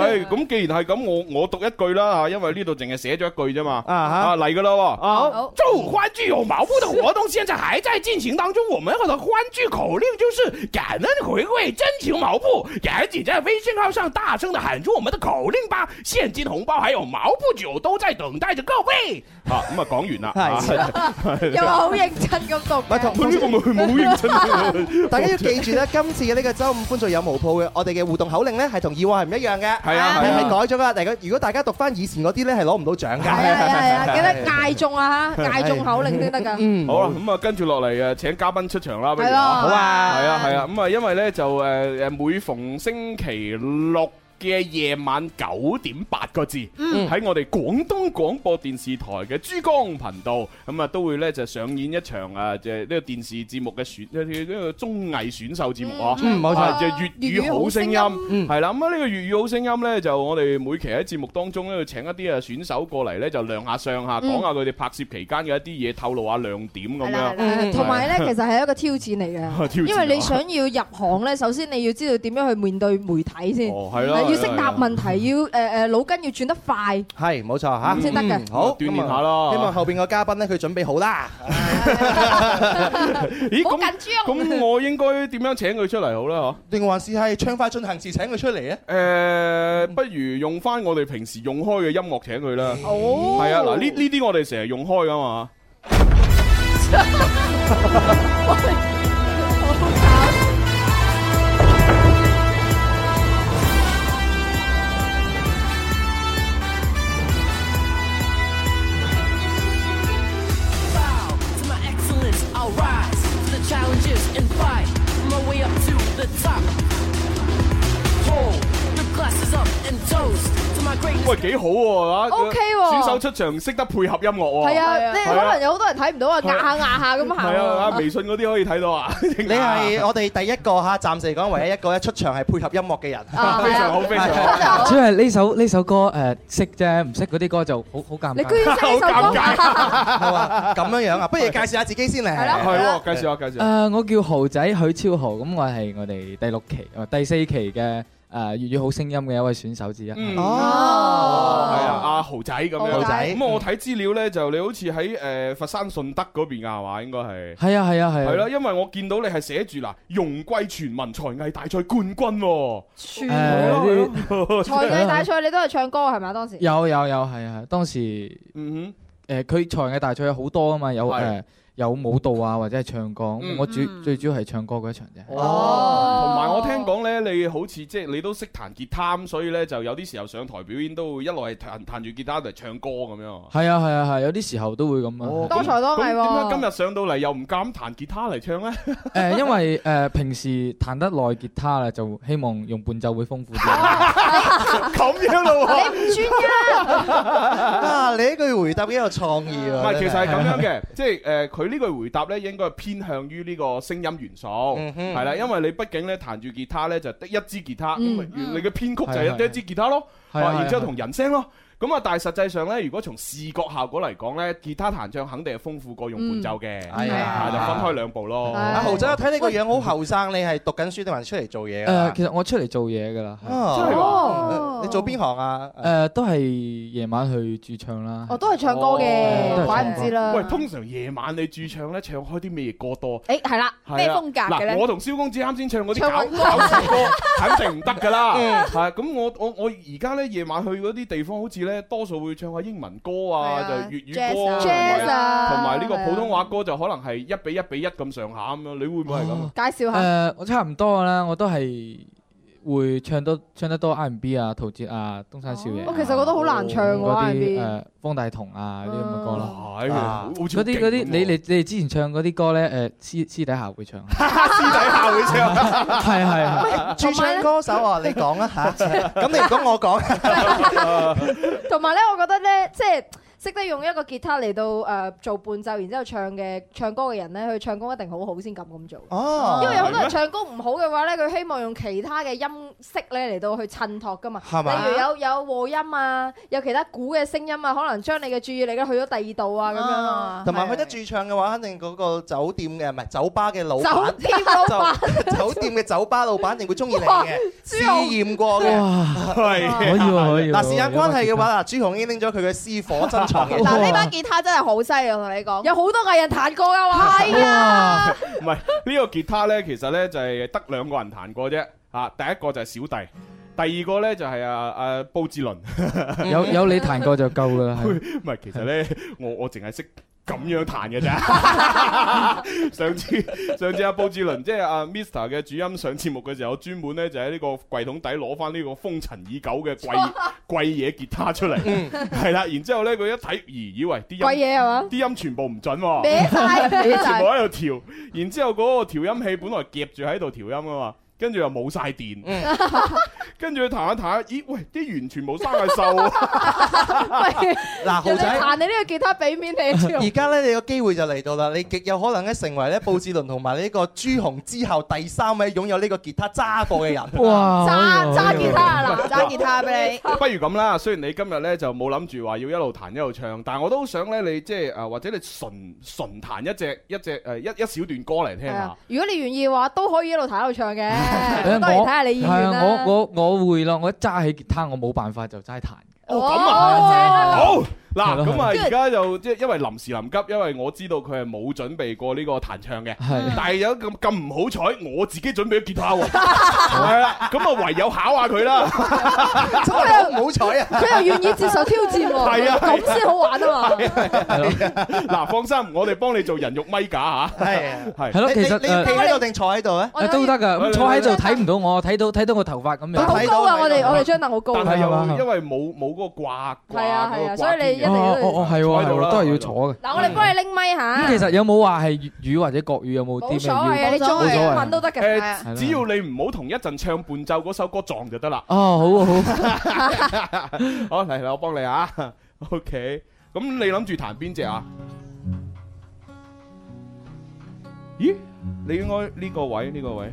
係咁，既然係咁，我我。讀一句啦吓，因為呢度淨係寫咗一句啫嘛。啊嚟噶啦，好，周五歡聚有毛鋪的活動現在還在進行當中，我們嘅歡聚口令就是感恩回饋真情毛鋪，趕緊在微信號上大聲的喊出我們的口令吧！現金紅包還有毛鋪酒都在等待着各位。吓，咁啊，講完啦。係又好認真咁讀。大家要記住啦，今次嘅呢個周五歡聚有毛鋪嘅，我哋嘅互動口令呢，係同以往係唔一樣嘅。係啊係，係改咗噶。大家如果大家讀翻以前嗰啲咧，係攞唔到獎㗎。係啊係啊，啊，啊，記得嗌中啊吓，嗌中口令先得㗎。嗯，好啦，咁啊跟住落嚟啊，請嘉賓出場啦，不如啊好啊，係啊係啊，咁啊因為咧就誒誒每逢星期六。嘅夜晚九點八個字，喺我哋廣東廣播電視台嘅珠江頻道，咁啊都會咧就上演一場啊，即係呢個電視節目嘅選呢個綜藝選秀節目啊，冇錯，就粵語好聲音，係啦，咁啊呢個粵語好聲音咧就我哋每期喺節目當中咧要請一啲啊選手過嚟咧就亮下相下講下佢哋拍攝期間嘅一啲嘢，透露下亮點咁樣，同埋咧其實係一個挑戰嚟嘅，因為你想要入行咧，首先你要知道點樣去面對媒體先，哦係啦。要識答問題，要誒誒腦筋要轉得快，係冇錯嚇先得嘅。好鍛鍊下咯，希望後邊個嘉賓咧佢準備好啦。咦咁咁我應該點樣請佢出嚟好啦？嗬，定還是係暢快進行時請佢出嚟啊？誒，不如用翻我哋平時用開嘅音樂請佢啦。哦，係啊，嗱呢呢啲我哋成日用開噶嘛。喂，幾好喎！OK，選手出場識得配合音樂喎。係啊，你可能有好多人睇唔到啊，壓下壓下咁行。係啊，微信嗰啲可以睇到啊。你係我哋第一個吓，暫時嚟講唯一一個一出場係配合音樂嘅人，非常好非常好。主要係呢首呢首歌誒識啫，唔識嗰啲歌就好好尷尬。你居然識呢首歌，係嘛？咁樣樣啊，不如介紹下自己先嚟。係咯，係，介紹下，介紹。誒，我叫豪仔許超豪，咁我係我哋第六期啊第四期嘅。誒，粵、呃、語好聲音嘅一位選手之一，哦、mm. oh. oh，係、okay. uh, 啊，阿豪仔咁樣，仔，咁啊，我睇資料咧，就你好似喺誒佛山順德嗰邊啊，係咪應該係，係啊，係啊，係，係啦，因為我見到你係寫住嗱，容桂全民才藝大賽冠軍、哦，全部咯，uh, 才藝大賽你都係唱歌係咪？當時，有有有，係啊係，當時，嗯哼，誒、嗯，佢才藝大賽有好多噶嘛，有誒。有舞蹈啊，或者係唱歌，我主最主要係唱歌嗰一場啫。哦，同埋我聽講咧，你好似即係你都識彈吉他，所以咧就有啲時候上台表演都一路係彈彈住吉他嚟唱歌咁樣。係啊係啊係，有啲時候都會咁樣。多才多藝。咁點解今日上到嚟又唔敢彈吉他嚟唱咧？誒，因為誒平時彈得耐吉他啦，就希望用伴奏會豐富啲。咁樣咯，你唔專一啊？你呢句回答幾有創意啊？係，其實係咁樣嘅，即係誒。佢呢句回答呢應該係偏向於呢個聲音元素，係啦、嗯哼，因為你畢竟呢彈住吉他呢就得一支吉他，原、嗯、你嘅編曲就係得一支吉他咯，嗯、然之後同人聲咯。咁啊！但係實際上咧，如果從視覺效果嚟講咧，吉他彈唱肯定係豐富過用伴奏嘅，係啊，就分開兩步咯。阿豪仔，睇你個樣好後生，你係讀緊書定還是出嚟做嘢啊？誒，其實我出嚟做嘢噶啦。真係㗎？你做邊行啊？誒，都係夜晚去駐唱啦。哦，都係唱歌嘅，鬼唔知啦。喂，通常夜晚你駐唱咧，唱開啲咩歌多？誒，係啦，咩風格嘅咧？我同蕭公子啱先唱嗰啲搞歌，肯定唔得噶啦。嗯，係。咁我我我而家咧夜晚去嗰啲地方，好似多數會唱下英文歌啊，啊就粵語歌，同埋呢個普通話歌就可能係一比一比一咁上下咁樣，你會唔會係咁啊？介紹下誒，我差唔多啦，我都係。會唱多唱得多 R&B 啊，陶喆啊，東山少爺。我其實覺得好難唱喎 r 方大同啊啲咁嘅歌啦。嗰啲啲你你你之前唱嗰啲歌咧，誒私私底下會唱，私底下會唱。係係係。中產歌手啊，你講一下。咁你咁我講。同埋咧，我覺得咧，即係。識得用一個吉他嚟到誒做伴奏，然之後唱嘅唱歌嘅人咧，佢唱功一定好好先敢咁做。哦，因為有好多人唱功唔好嘅話咧，佢希望用其他嘅音色咧嚟到去襯托㗎嘛。係嘛？例如有有和音啊，有其他鼓嘅聲音啊，可能將你嘅注意力去咗第二度啊，咁樣啊。同埋去得駐唱嘅話，肯定嗰個酒店嘅唔係酒吧嘅老。酒店老闆。酒店嘅酒吧老闆一定會中意你嘅，試驗過嘅。可以可以。嗱時間關係嘅話，嗱朱紅英拎咗佢嘅私房但呢班吉他真係好犀利，我同你講，有好多藝人彈過噶，係 啊，唔係呢個吉他咧，其實咧就係、是、得兩個人彈過啫，啊，第一個就係小弟。第二個咧就係阿阿布志倫，有有你彈過就夠噶啦。唔係， 其實咧對 我我淨係識咁樣彈嘅咋。上次上次阿布志倫即係阿 Mr 嘅主音上節目嘅時候，我專門咧就喺呢個櫃桶底攞翻呢個風塵已久嘅貴貴野吉他出嚟。嗯，係啦。然之後咧佢一睇，咦、哎，以為啲音貴野係嘛？啲音全部唔準，啊，全部喺度調。然之後嗰個調音器本來夾住喺度調音噶嘛。跟住又冇曬電，嗯、跟住彈下彈下，咦？喂！啲完全冇生曬壽。嗱、 啊，豪仔彈你呢個吉他俾面你。而家咧，你個機會就嚟到啦！你極有可能咧成為咧布志倫同埋呢個朱紅之後第三位擁有呢個他哇 吉他揸過嘅人。揸揸 吉他啊！嗱，揸吉他俾你。不如咁啦，雖然你今日咧就冇諗住話要一路彈一路唱，但係我都想咧你即係啊，或者你純純彈一隻一隻誒一一,一小段歌嚟聽下。如果你願意嘅話，都可以一路彈一路唱嘅。看看你我都睇下你係啊，我我我會咯。我一揸起吉他，我冇辦法就齋彈。哦，咁啊，好。好嗱咁啊，而家就即係因為臨時臨急，因為我知道佢係冇準備過呢個彈唱嘅，係，但係有咁咁唔好彩，我自己準備咗吉他喎，係啦，咁啊唯有考下佢啦，咁啊唔好彩啊，佢又願意接受挑戰喎，係啊，咁先好玩啊嘛，係啦，嗱，放心，我哋幫你做人肉咪架嚇，係，係，係咯，其實你企喺度定坐喺度咧，都得㗎，坐喺度睇唔到我，睇到睇到我頭髮咁樣，好高啊！我哋我哋張凳好高，但係因為冇冇嗰個掛掛，係啊係啊，所以你。一定要坐喺度啦，都係要坐嘅。嗱，我哋幫你拎咪吓。咁其實有冇話係粵語或者國語有冇啲咩所謂啊？中文英文都得嘅。誒，只要你唔好同一陣唱伴奏嗰首歌撞就得啦。哦，好好。好嚟啦，我幫你啊。OK，咁你諗住彈邊隻啊？咦？你應該呢個位，呢個位。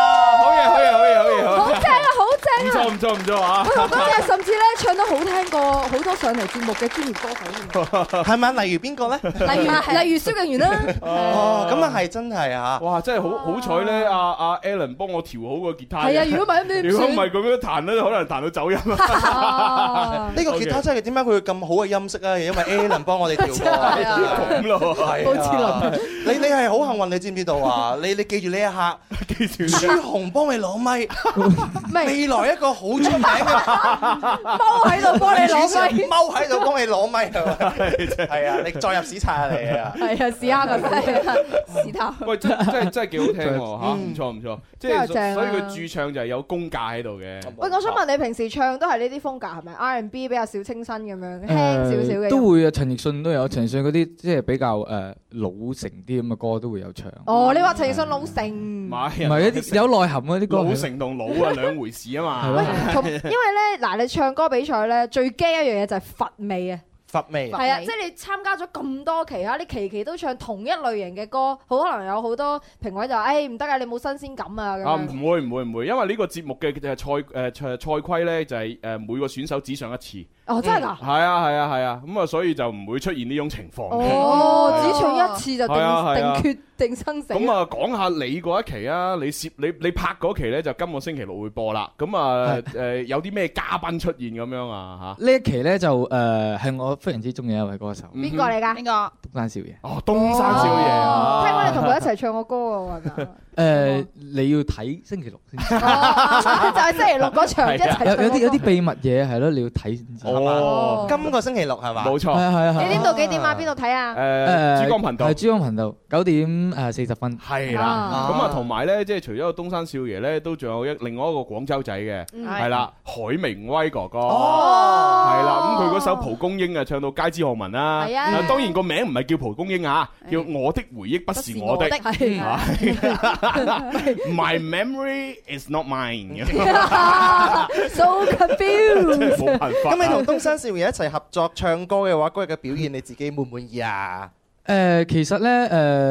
唔錯唔錯啊，我覺得，甚至咧唱得好聽過好多上嚟節目嘅專業歌手。係咪？例如邊個咧？例如例如蕭敬騰啦。哦，咁啊係，真係啊。哇，真係好好彩咧！阿阿 Allen 幫我調好個吉他。係啊，如果唔係，如果唔係咁樣彈咧，可能彈到走音。呢個吉他真係點解佢咁好嘅音色咧？係因為 Allen 幫我哋調。咁咯，係。冇你你係好幸運，你知唔知道啊？你你記住呢一刻。記住。朱紅幫你攞麥。未來一個。好出名佢踎喺度幫你攞咪，咪？踎喺度幫你攞咪，係啊！你再入屎擦下你啊！係啊，試下佢，試下。喂，真真真係幾好聽喎，唔錯唔錯，嗯、真係正、啊。所以佢駐唱就係有功架喺度嘅。啊、喂，我想問你平時唱都係呢啲風格係咪？R n B 比較小清新咁樣，輕少少嘅都會啊。陳奕迅都有，陳奕迅嗰啲即係比較誒老成啲咁嘅歌都會有唱。哦，你話陳奕迅老成？唔係，係一啲有內涵嗰啲歌。老成同老啊，兩回事啊嘛。 喂， 因為咧，嗱，你唱歌比賽咧，最驚一樣嘢就係乏味啊！乏味，係啊，即係你參加咗咁多期啦，你期期都唱同一類型嘅歌，好可能有好多評委就話：誒、哎，唔得㗎，你冇新鮮感啊！啊，唔會唔會唔會，因為呢個節目嘅誒賽誒賽規咧，就係、是、誒每個選手只上一次。哦，真係噶！係啊，係啊，係啊，咁啊，所以就唔會出現呢種情況。哦，只唱一次就定定決定生死。咁啊，講下你嗰一期啊，你攝你你拍嗰期咧，就今個星期六會播啦。咁啊，誒有啲咩嘉賓出現咁樣啊？嚇！呢一期咧就誒係我非常之中意一位歌手。邊個嚟㗎？邊個？東山少爺。哦，東山少爺。聽講你同佢一齊唱過歌喎。誒，你要睇星期六先。就係星期六嗰場一齊唱。有有啲有啲秘密嘢係咯，你要睇哦，今個星期六係嘛？冇錯，係啊係啊係。幾點到幾點啊？邊度睇啊？誒，珠江頻道。係珠江頻道九點誒四十分。係啦。咁啊，同埋咧，即係除咗個東山少爺咧，都仲有一另外一個廣州仔嘅，係啦，海鳴威哥哥。哦。係啦，咁佢嗰首蒲公英啊，唱到街知巷聞啦。係啊。嗱，當然個名唔係叫蒲公英啊，叫我的回憶不是我的。係。My memory is not mine. So confused。冇辦法。咁咪同。東山少爺一齊合作唱歌嘅話，嗰日嘅表現你自己滿唔滿意啊？誒、呃，其實咧，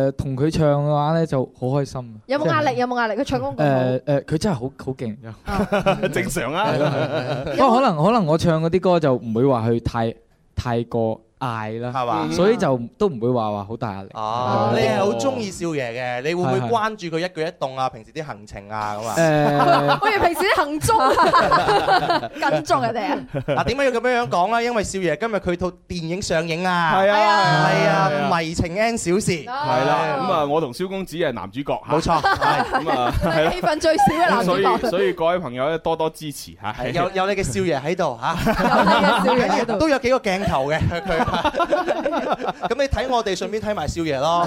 誒同佢唱嘅話咧，就好開心，啊。有冇壓力？就是、有冇壓力？佢唱功誒誒，佢、呃呃、真係好好勁，啊、 正常啊。 不過可能可能我唱嗰啲歌就唔會話去太太過。嗌啦，係嘛？所以就都唔會話話好大壓力。哦，你係好中意少爺嘅，你會唔會關注佢一舉一動啊？平時啲行程啊，咁啊，我哋平時啲行蹤啊，跟蹤人哋啊。嗱，點解要咁樣樣講咧？因為少爺今日佢套電影上映啊。係啊，係啊，迷情 N 小時。係啦，咁啊，我同蕭公子係男主角。冇錯，係氣氛最少嘅男主角。所以，所以各位朋友咧多多支持嚇。有有你嘅少爺喺度嚇，都有幾個鏡頭嘅佢。咁 你睇我哋，順便睇埋少爺咯。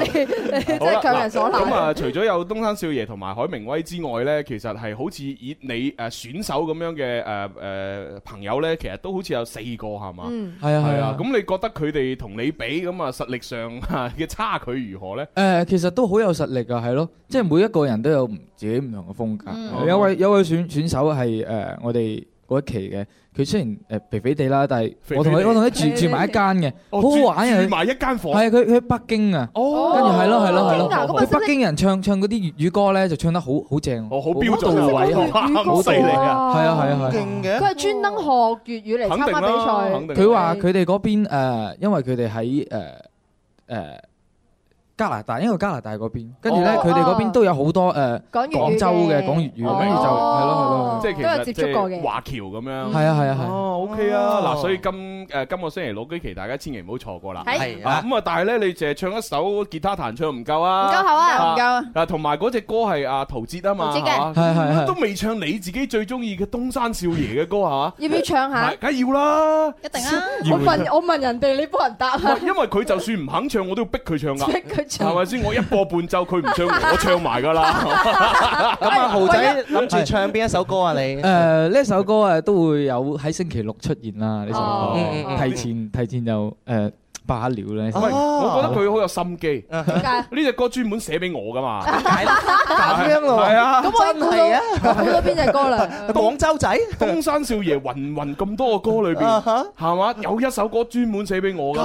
你即係強人所難。咁啊，除咗有東山少爺同埋海明威之外咧，其實係好似以你誒選手咁樣嘅誒誒朋友咧，其實都好似有四個係嘛？係啊係啊。咁你覺得佢哋同你比咁啊實力上嘅差距如何咧？誒，其實都好有實力啊，係咯。即係每一個人都有自己唔同嘅風格。嗯、有位有位選選手係誒、呃、我哋。嗰一期嘅，佢雖然誒肥肥地啦，但係我同佢我同佢住住埋一間嘅，好好玩啊！住埋一間房，係啊，佢佢喺北京啊，跟住係咯係咯係咯，佢北京人唱唱嗰啲粵語歌咧就唱得好好正，好標準位。好地道嘅粵語歌嚟㗎，係啊係啊係，佢係專登學粵語嚟參加比賽，佢話佢哋嗰邊誒，因為佢哋喺誒誒，加拿大，因為加拿大嗰邊，跟住咧佢哋嗰邊都有好多誒廣州嘅講粵語，跟住就係咯係咯，即係其實接觸過嘅華僑咁樣，係啊係啊係啊，OK 啊嗱，所以今誒今個星期老居期，大家千祈唔好錯過啦，係啊咁啊，但係咧你淨係唱一首吉他彈唱唔夠啊，唔夠好啊，唔夠啊，嗱同埋嗰隻歌係阿陶喆啊嘛，陶喆都未唱你自己最中意嘅《東山少爺》嘅歌嚇，要唔要唱下？梗要啦，一定啊。我問我問人哋你幫人答，因為佢就算唔肯唱，我都要逼佢唱啊。係咪先？ 我一播伴奏，佢唔唱，我唱埋㗎喇。咁 阿 豪仔諗住唱邊一、啊 呃、首歌啊？你？誒呢首歌誒都會有喺星期六出現啦。呢、oh. 首歌、oh. 嗯嗯、提前 提前就誒。呃百無聊賴。喂，我覺得佢好有心機？點解？呢隻歌專門寫俾我噶嘛？咁樣咯，係啊。咁可以估到，估到邊隻歌嚟？廣州仔，東山少爺，云云咁多個歌裏邊，係嘛？有一首歌專門寫俾我嘅。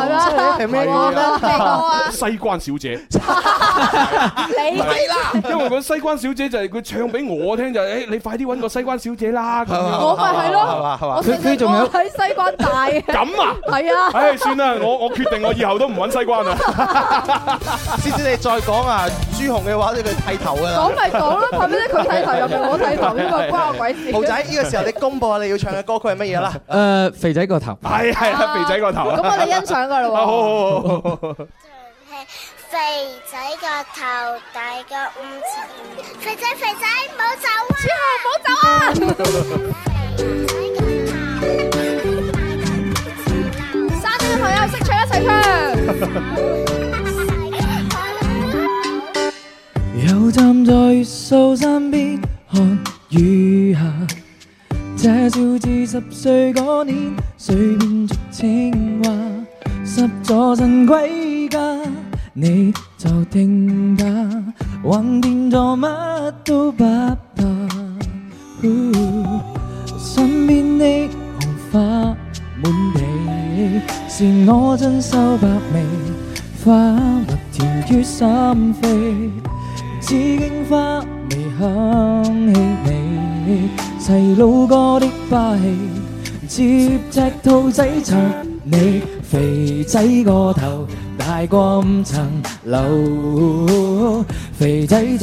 係咩歌？咩歌啊？西關小姐。你係啦。因為佢西關小姐就係佢唱俾我聽，就誒，你快啲搵個西關小姐啦。我咪係咯，係嘛？係嘛？佢佢仲有喺西關大。咁啊？係啊。唉，算啦，我我決。定我以後都唔揾西關啦！先先你再講啊，朱紅嘅話咧佢剃頭噶啦。講咪講咯，係咪咧，佢剃頭又唔係我剃頭，關我鬼事。豪仔，呢個時候你公佈啊，你要唱嘅歌曲係乜嘢啦？誒，肥仔個頭，係係啦，肥仔個頭。咁我哋欣賞佢啦喎。好好好。唱起肥仔個頭大腳唔遲，肥仔肥仔唔好走啊！朱紅唔好走啊！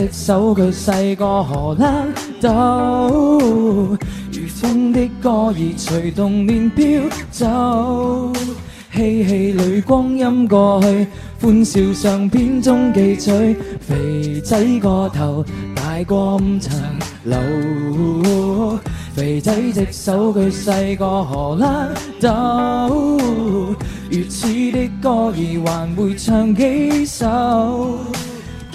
隻手舉細過荷蘭豆，如風的歌兒隨童年飄走。嬉戲裏光陰過去，歡笑相片中記取。肥仔個頭大過五層樓，肥仔隻手舉細過荷蘭豆，如此的歌兒還會唱幾首？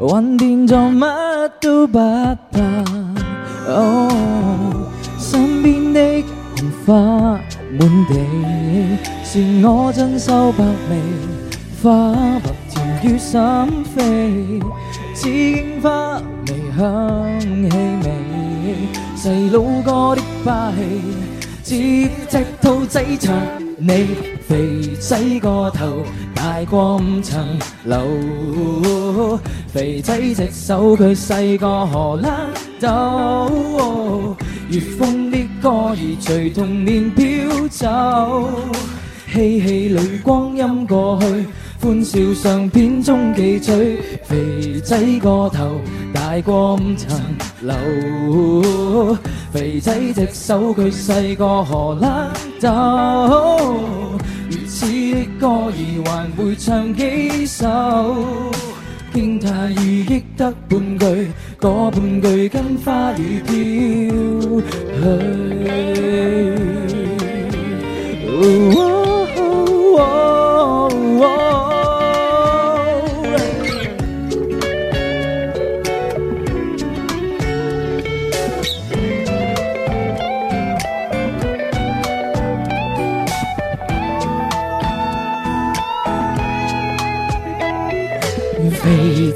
幻變中乜都不怕，oh，身邊的紅花滿地，是我珍收百味，花蜜甜於心扉，似櫻花微香氣味，細路哥的霸氣。只隻兔仔長，你肥仔個頭大過五層樓，肥仔隻手卻細過荷蘭豆，越、哦、風的歌兒隨童年飄走，嬉戲裏光陰過去。歡笑相片中記取，肥仔個頭大過五層樓，肥仔隻手佢細過荷蘭豆。如、哦、此的歌兒還會唱幾首？驚嘆二億得半句，嗰半句跟花雨飄去。哦哦哦哦哦哦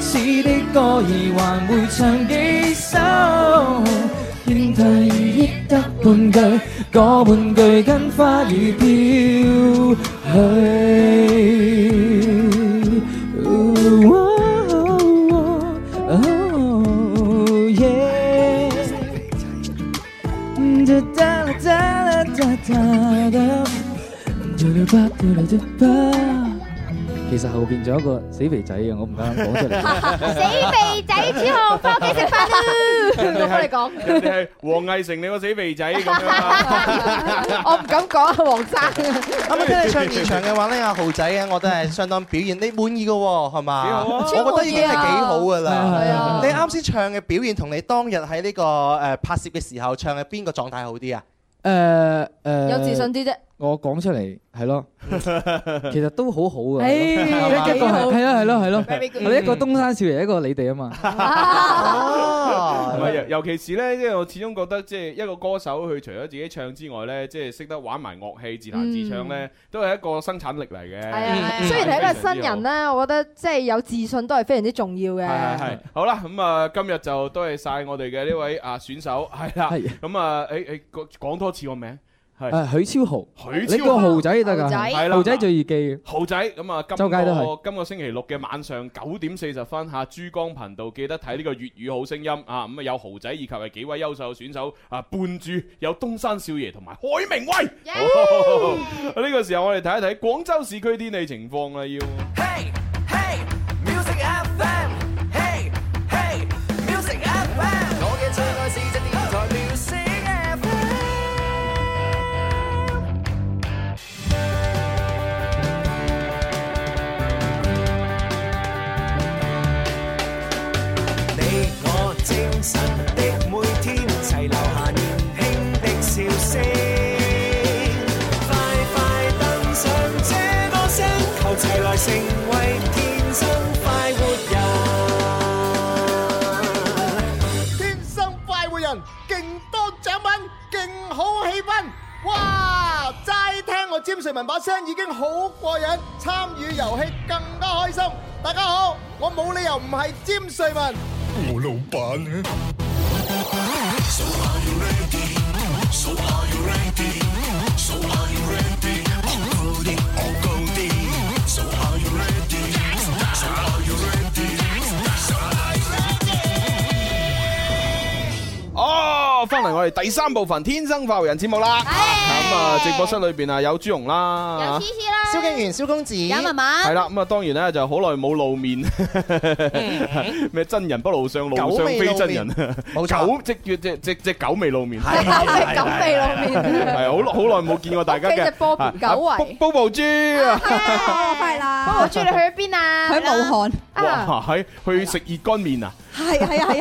似的歌兒還會唱幾首，傾談如憶得半句，嗰半句跟花雨飄去。其實後邊仲有一個死肥仔啊，我唔敢講出嚟，死肥仔之後返屋企食飯。我幫你講。人哋係黃毅成，你個死肥仔我唔敢講啊，黃生。啱啱聽你唱現場嘅話咧，阿豪仔啊，我都係相當表現，你滿意噶係嘛？啊、我覺得已經係幾好噶啦。 啊、你啱先唱嘅表現同你當日喺呢個誒拍攝嘅時候唱嘅邊個狀態好啲啊？誒誒、呃。呃、有自信啲啫。我講出嚟係咯，其實都好好嘅，係啊，係咯，係咯，我哋一個東山少爺，一個你哋啊嘛。唔係、啊、 尤其是呢，因為我始終覺得即係一個歌手佢除咗自己唱之外呢，即係識得玩埋樂器自彈自唱呢，都係一個生產力嚟嘅。係啊、嗯，雖然係一個新人呢，我覺得即係有自信都係非常之重要嘅。係係係。好啦，咁、嗯、啊，今日就多謝晒我哋嘅呢位啊選手，係啦，咁啊的，誒誒講多次個名。係，許超豪，許超豪，豪仔得噶係啦，豪仔最易記，豪仔咁啊，今個今個星期六嘅晚上九點四十分，吓，珠江頻道記得睇呢個粵語好聲音啊，咁啊有豪仔以及係幾位優秀選手啊，伴住有東山少爺同埋海明威，呢個時候我哋睇一睇廣州市區天氣情況啦，要。神的每天，齊留下年輕的笑聲。快快登上這個星，求齊來成為天生快活人。天生快活人，勁多獎品，勁好氣氛，哇！我詹瑞文把聲已經好過癮，參與遊戲更加開心。大家好，我冇理由唔係詹瑞文。我老闆咧。翻嚟我哋第三部分《天生快活人》節目啦，咁啊直播室裏邊啊有朱容啦，有嘻嘻啦，蕭敬元、蕭公子、阿文文，係啦，咁啊當然咧就好耐冇露面，咩真人不露相，露相非真人，狗即叫隻隻隻狗未露面，係狗未露面，係好好耐冇見過大家嘅波狗啊，Bobo 豬，係啦，Bobo 豬你去咗邊啊？喺武漢，哇喺去食熱乾麵啊！係啊係啊係啊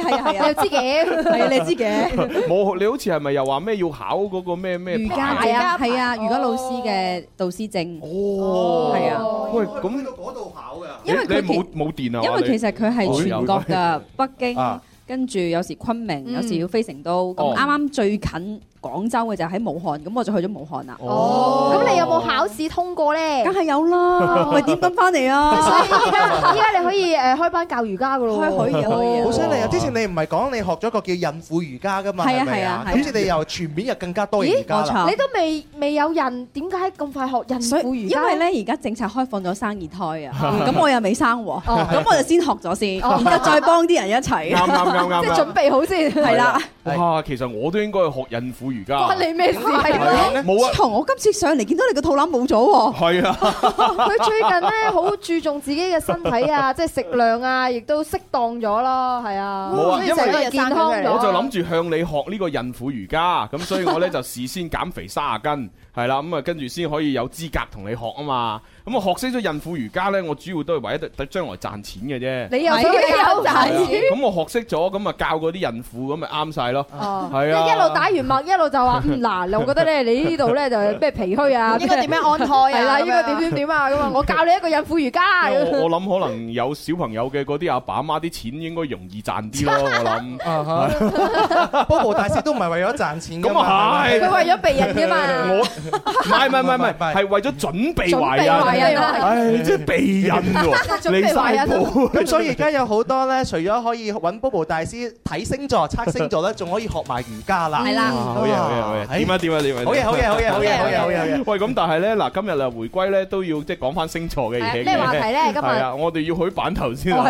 係啊，你又知嘅，係啊你知嘅。冇,你好似係咪又話咩要考嗰個咩咩瑜伽係啊瑜伽老師嘅導師證。哦，係啊。喂，咁去到嗰度考㗎。因為佢冇冇電啊。因為其實佢係全國嘅，北京跟住有時昆明，有時要飛成都。咁啱啱最近，廣州嘅就喺武漢，咁我就去咗武漢啦。哦，咁你有冇考試通過咧？梗係有啦，咪點咁翻嚟啊？所以依家依家你可以誒開班教瑜伽噶咯，可以啊，好犀利啊！之前你唔係講你學咗個叫孕婦瑜伽噶嘛？係啊係啊，咁你又全面又更加多嘢。你都未未有孕，點解咁快學孕婦瑜伽？因為咧而家政策開放咗生二胎啊，咁我又未生，咁我就先學咗先，而家再幫啲人一齊，啱啱啱啱，即係準備好先係啦。哇，其實我都應該去學孕婦。關你咩事啊？志豪、啊，我今次上嚟見到你個肚腩冇咗喎。係啊，佢 最近咧好注重自己嘅身體啊，即係食量啊，亦都適當咗咯。係啊，冇啊哇，因為健康，我就諗住向你學呢個孕婦瑜伽，咁 所以我咧就事先減肥卅啊斤，係啦、 啊，咁啊跟住先可以有資格同你學啊嘛。咁我學識咗孕婦瑜伽咧，我主要都係為咗將來賺錢嘅啫。你又想有賺錢？咁我學識咗，咁啊教嗰啲孕婦，咁咪啱晒咯。係啊，一路打完脈，一路就話，嗱，我覺得咧，你呢度咧就咩脾虛啊，應該點樣安胎啊？係啦，應該點點點啊？咁啊，我教你一個孕婦瑜伽。我諗可能有小朋友嘅嗰啲阿爸阿媽，啲錢應該容易賺啲咯。我諗，波婆大師都唔係為咗賺錢，咁啊係，佢為咗備孕嘅嘛。我，唔係唔係唔係唔係，係為咗準備懷孕。唉，即係避孕喎，你話呀？咁所以而家有好多咧，除咗可以搵 Bobo 大師睇星座、測星座咧，仲可以學埋瑜伽啦。係啦，好嘢，好嘢，點啊，點啊，點好嘢，好嘢，好嘢，好嘢，好嘢，好嘢，好嘢。喂，咁但係咧，嗱，今日啊回歸咧，都要即係講翻星座嘅嘢。咩話題咧？今日係啊，我哋要去版頭先啊。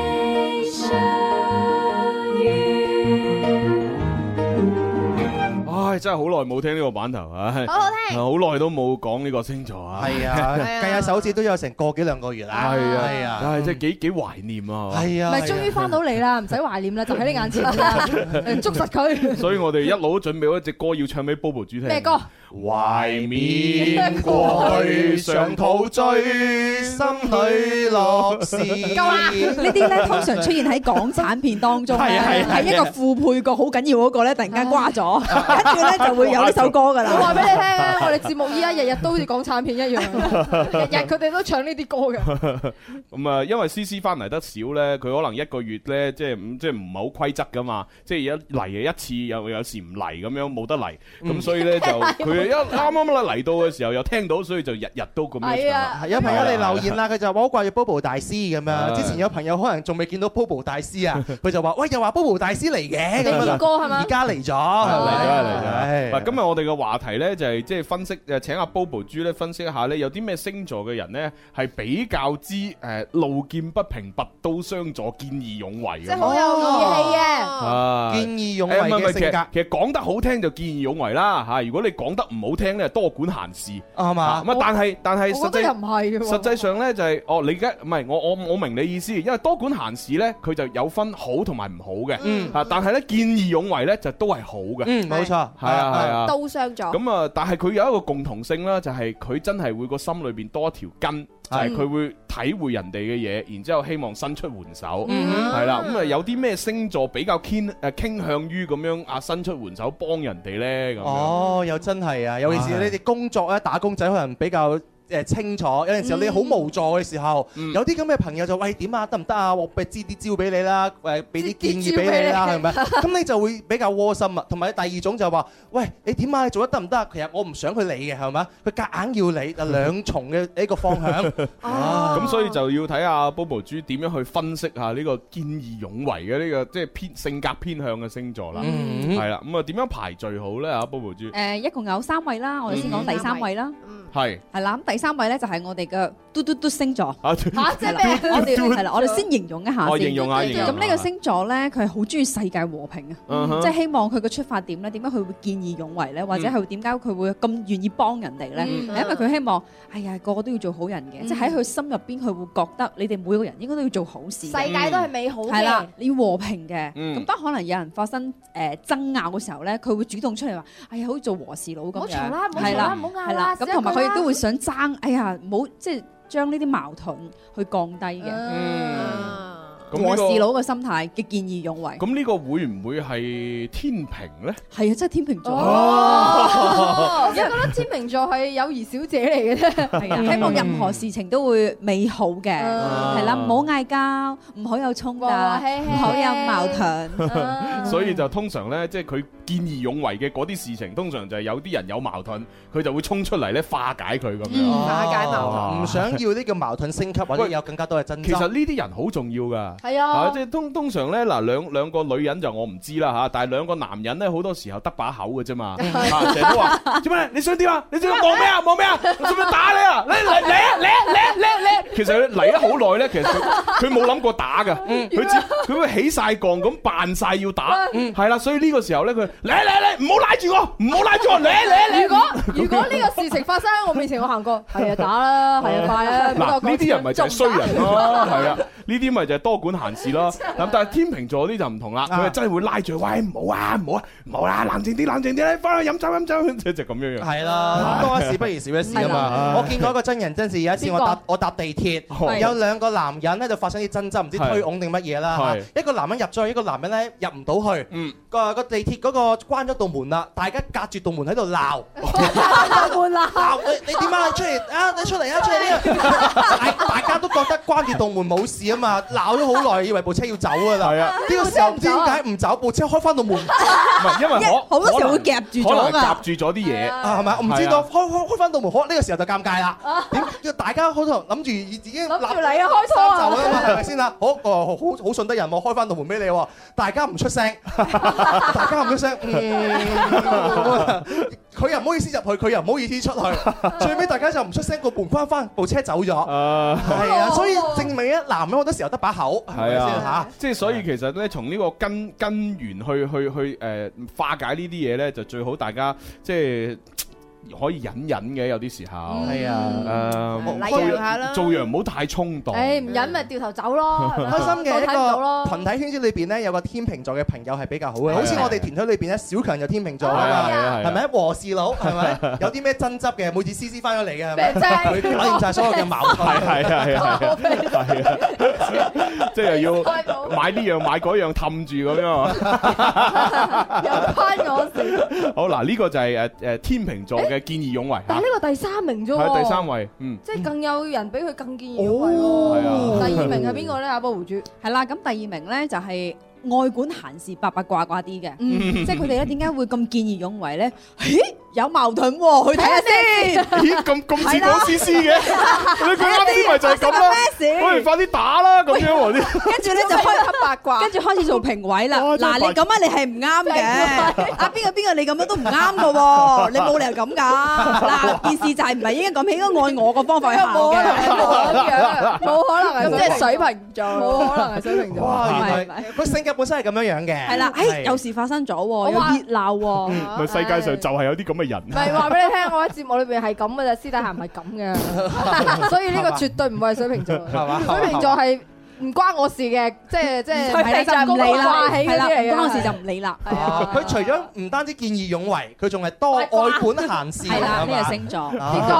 真係好耐冇聽呢個版頭啊！好好聽，好耐都冇講呢個星座啊！係啊，計下手指都有成個幾兩個月啦！係啊，係啊，唉，真係幾幾懷念啊！係啊，咪終於翻到嚟啦，唔使懷念啦，就喺你眼前捉實佢！所以我哋一路都準備咗一隻歌要唱俾 Bobo 主聽。咩歌？懷緬過去，常陶醉，心裏樂事。夠啦了！呢啲咧通常出現喺港產片當中，係 一個副配角，好緊要嗰個咧，突然間瓜咗，跟住咧就會有呢首歌噶啦。我話俾你聽，我哋節目依家日日都好似港產片一樣，日日佢哋都唱呢啲歌嘅。咁啊，因為 C C 翻嚟得少咧，佢可能一個月咧，即係即係唔係好規則噶嘛，即係而家嚟嘅一次又有，有時唔嚟咁樣冇得嚟，咁、嗯、所以咧就 啱啱啦嚟到嘅時候又聽到，所以就日日都咁樣。係啊，有朋友你留言啦，佢就話好掛住 BoBo 大師咁樣。之前有朋友可能仲未見到 BoBo 大師啊，佢就話：喂，又話 BoBo 大師嚟嘅咁你個哥係嘛？而家嚟咗，嚟咗嚟咗。嗱，今日我哋嘅話題咧就係即係分析誒，請阿 BoBo 豬咧分析一下咧，有啲咩星座嘅人咧係比較之誒路見不平拔刀相助、見義勇為嘅。即係好有義氣嘅，見義勇為性格。其實講得好聽就見義勇為啦嚇，如果你講得唔好聽咧，多管閒事係嘛？咁但係但係實際，唔係嘅。實際上咧就係，哦，你而家唔係我我我明你意思，因為多管閒事咧，佢就有分好同埋唔好嘅。嗯，啊，但係咧見義勇為咧就都係好嘅。嗯，冇錯，係啊係啊，刀傷咗。咁啊，但係佢有一個共同性啦，就係佢真係會個心裏邊多一條筋。係佢會體會人哋嘅嘢，然之後希望伸出援手，係啦、嗯哼。咁啊、嗯，有啲咩星座比較傾誒傾向於咁樣啊伸出援手幫人哋呢？咁哦，又真係啊！尤其是你哋工作咧，打工仔可能比較。誒清楚，有陣時候你好無助嘅時候，嗯、有啲咁嘅朋友就喂，點啊，得唔得啊？我俾支啲招俾你啦，誒俾啲建議俾你啦，係咪？咁你就會比較窩心啊。同埋第二種就係、是、話，喂，你點啊，你做得得唔得啊？其實我唔想佢理嘅係咪啊？佢夾硬要理，就兩重嘅呢個方向。咁所以就要睇下 Bobo 豬點樣去分析下呢個見義勇為嘅呢、這個即係、就是、偏性格偏向嘅星座啦。係啦、嗯，咁啊點樣排最好咧啊？Bobo 豬誒一共有三位啦，我哋先講第三位啦、嗯。嗯嗯係係啦，咁是第三位咧就係、是、我哋嘅。嘟星座嚇嚇即係咩？我哋係啦，我哋先形容一下形容下咁呢個星座咧，佢係好中意世界和平啊！即係希望佢嘅出發點咧，點解佢會見義勇為咧？或者係點解佢會咁願意幫人哋咧？係因為佢希望，哎呀，個個都要做好人嘅，即係喺佢心入邊，佢會覺得你哋每個人應該都要做好事。世界都係美好嘅。係啦，你要和平嘅。咁當可能有人發生誒爭拗嘅時候咧，佢會主動出嚟話，哎呀，好似做和事佬咁。唔好嘈啦，唔好嘈啦，唔好嗌啦。咁同埋佢亦都會想爭，哎呀，唔好即係。將呢啲矛盾去降低嘅。Uh. 嗯我事佬嘅心態嘅見義勇為，咁呢個會唔會係天平咧？係啊，即係天平座。因為、哦、覺得天平座係友誼小姐嚟嘅咧，希望、啊、任何事情都會美好嘅，係啦、嗯，唔好嗌交，唔好、啊、有衝突，唔好有矛盾。啊、所以就通常咧，即係佢見義勇為嘅嗰啲事情，通常就係有啲人有矛盾，佢就會衝出嚟咧化解佢咁樣，化解矛盾，唔、嗯哦哦、想要呢個矛盾升級或者有更加多嘅爭執。其實呢啲人好重要噶。係啊，即係通通常咧，嗱兩兩個女人就我唔知啦吓，但係兩個男人咧，好多時候得把口嘅啫嘛。成日 都話做咩？你想點啊？你想要講咩啊？冇咩啊？做唔做打你啊？你嚟嚟啊嚟嚟嚟嚟！其實嚟咗好耐咧，其實佢冇諗過打噶，佢只佢會起晒槓咁扮晒要打，係啦、 嗯。所以呢個時候咧，佢嚟嚟嚟唔好拉住我，唔好拉住我嚟嚟嚟。如果呢個事情發生喺 我面前我，我行過係啊打啦，係啊快 啊。嗱呢啲人咪就係衰人咯，係打 啊呢啲咪就係多管閒事咯，咁但係天秤座啲就唔同啦，佢真係會拉住，喂唔好啊唔好啊唔好啊，冷靜啲冷靜啲，翻去飲酒飲酒，就咁樣樣。係咯，多一事不如少一事啊嘛。我見過一個真人真事，有一次我搭我搭地鐵，有兩個男人咧就發生啲爭執，唔知推擁定乜嘢啦。一個男人入咗去，一個男人咧入唔到去。個個地鐵嗰個關咗道門啦，大家隔住道門喺度鬧。道門鬧你，你點解出嚟啊，你出嚟啊出嚟，大家都覺得關住道門冇事啊嘛，鬧咗好。本來以為部車要走噶啦，係啊！呢個時候唔知點解唔走，部車開翻到門。唔係，因為我好多時候會夾住咗啊嘛。可能夾住咗啲嘢係咪？我唔知道，開開開翻到門，可呢個時候就尷尬啦。點？因為大家可能諗住以自己諗住你開窗啊嘛，係咪先啊？好，好好好順得人喎，開翻到門俾你喎，大家唔出聲，大家唔出聲。佢又唔好意思入去，佢又唔好意思出去，最尾大家就唔出聲，個門關翻，部車走咗。係啊，所以證明啊，男人好多時候得把口。係啊，即係所以其實咧，從呢個根根源去去去誒、呃、化解呢啲嘢咧，就最好大家即係。可以忍忍嘅，有啲時候係啊，誒，做嘢唔好太衝動。誒，唔忍咪掉頭走咯。開心嘅呢個群體圈子裏邊咧，有個天秤座嘅朋友係比較好嘅，好似我哋團體裏邊咧，小強就天秤座啊嘛，係咪？和事佬係咪？有啲咩爭執嘅，每次 C C 翻咗嚟嘅，即係打掂晒所有嘅矛盾，係啊係啊，即係要買呢樣買嗰樣，氹住咁樣，又關我事。好嗱，呢個就係誒誒天秤座，嘅見義勇為，啊、但係呢個第三名啫喎，第三位，嗯，即係更有人比佢更見義勇為喎。第二名係邊個咧？阿波胡珠，係 啦。咁第二名咧就係、是、愛管閒事、八八卦卦啲嘅，即係佢哋咧點解會咁見義勇為咧？咦？有矛盾喎，去睇下先。咦，咁咁似講 C C 嘅，你講啱啲咪就係咁啦。不如快啲打啦，咁樣。跟住咧就開一匹八卦，跟住開始做評委啦。嗱，你咁啊，你係唔啱嘅。啊邊個邊個，你咁樣都唔啱噶喎！你冇理由咁噶。嗱，件事就係唔係應該咁？應該按我個方法去行嘅。冇可能係咁樣，冇可能係水瓶座。冇可能係水瓶座。哇，原來係咪？個性格本身係咁樣樣嘅。係啦，誒有事發生咗喎，有熱鬧喎。咪世界上就係有啲咁。唔係話俾你聽，我喺節目裏邊係咁嘅啫，私底下唔係咁嘅，所以呢個絕對唔會係水瓶座，水瓶座係唔關我事嘅，即係即係就係你啦，當時就唔理啦。佢除咗唔單止見義勇為，佢仲係多愛管閒事啦。呢個星座？邊個？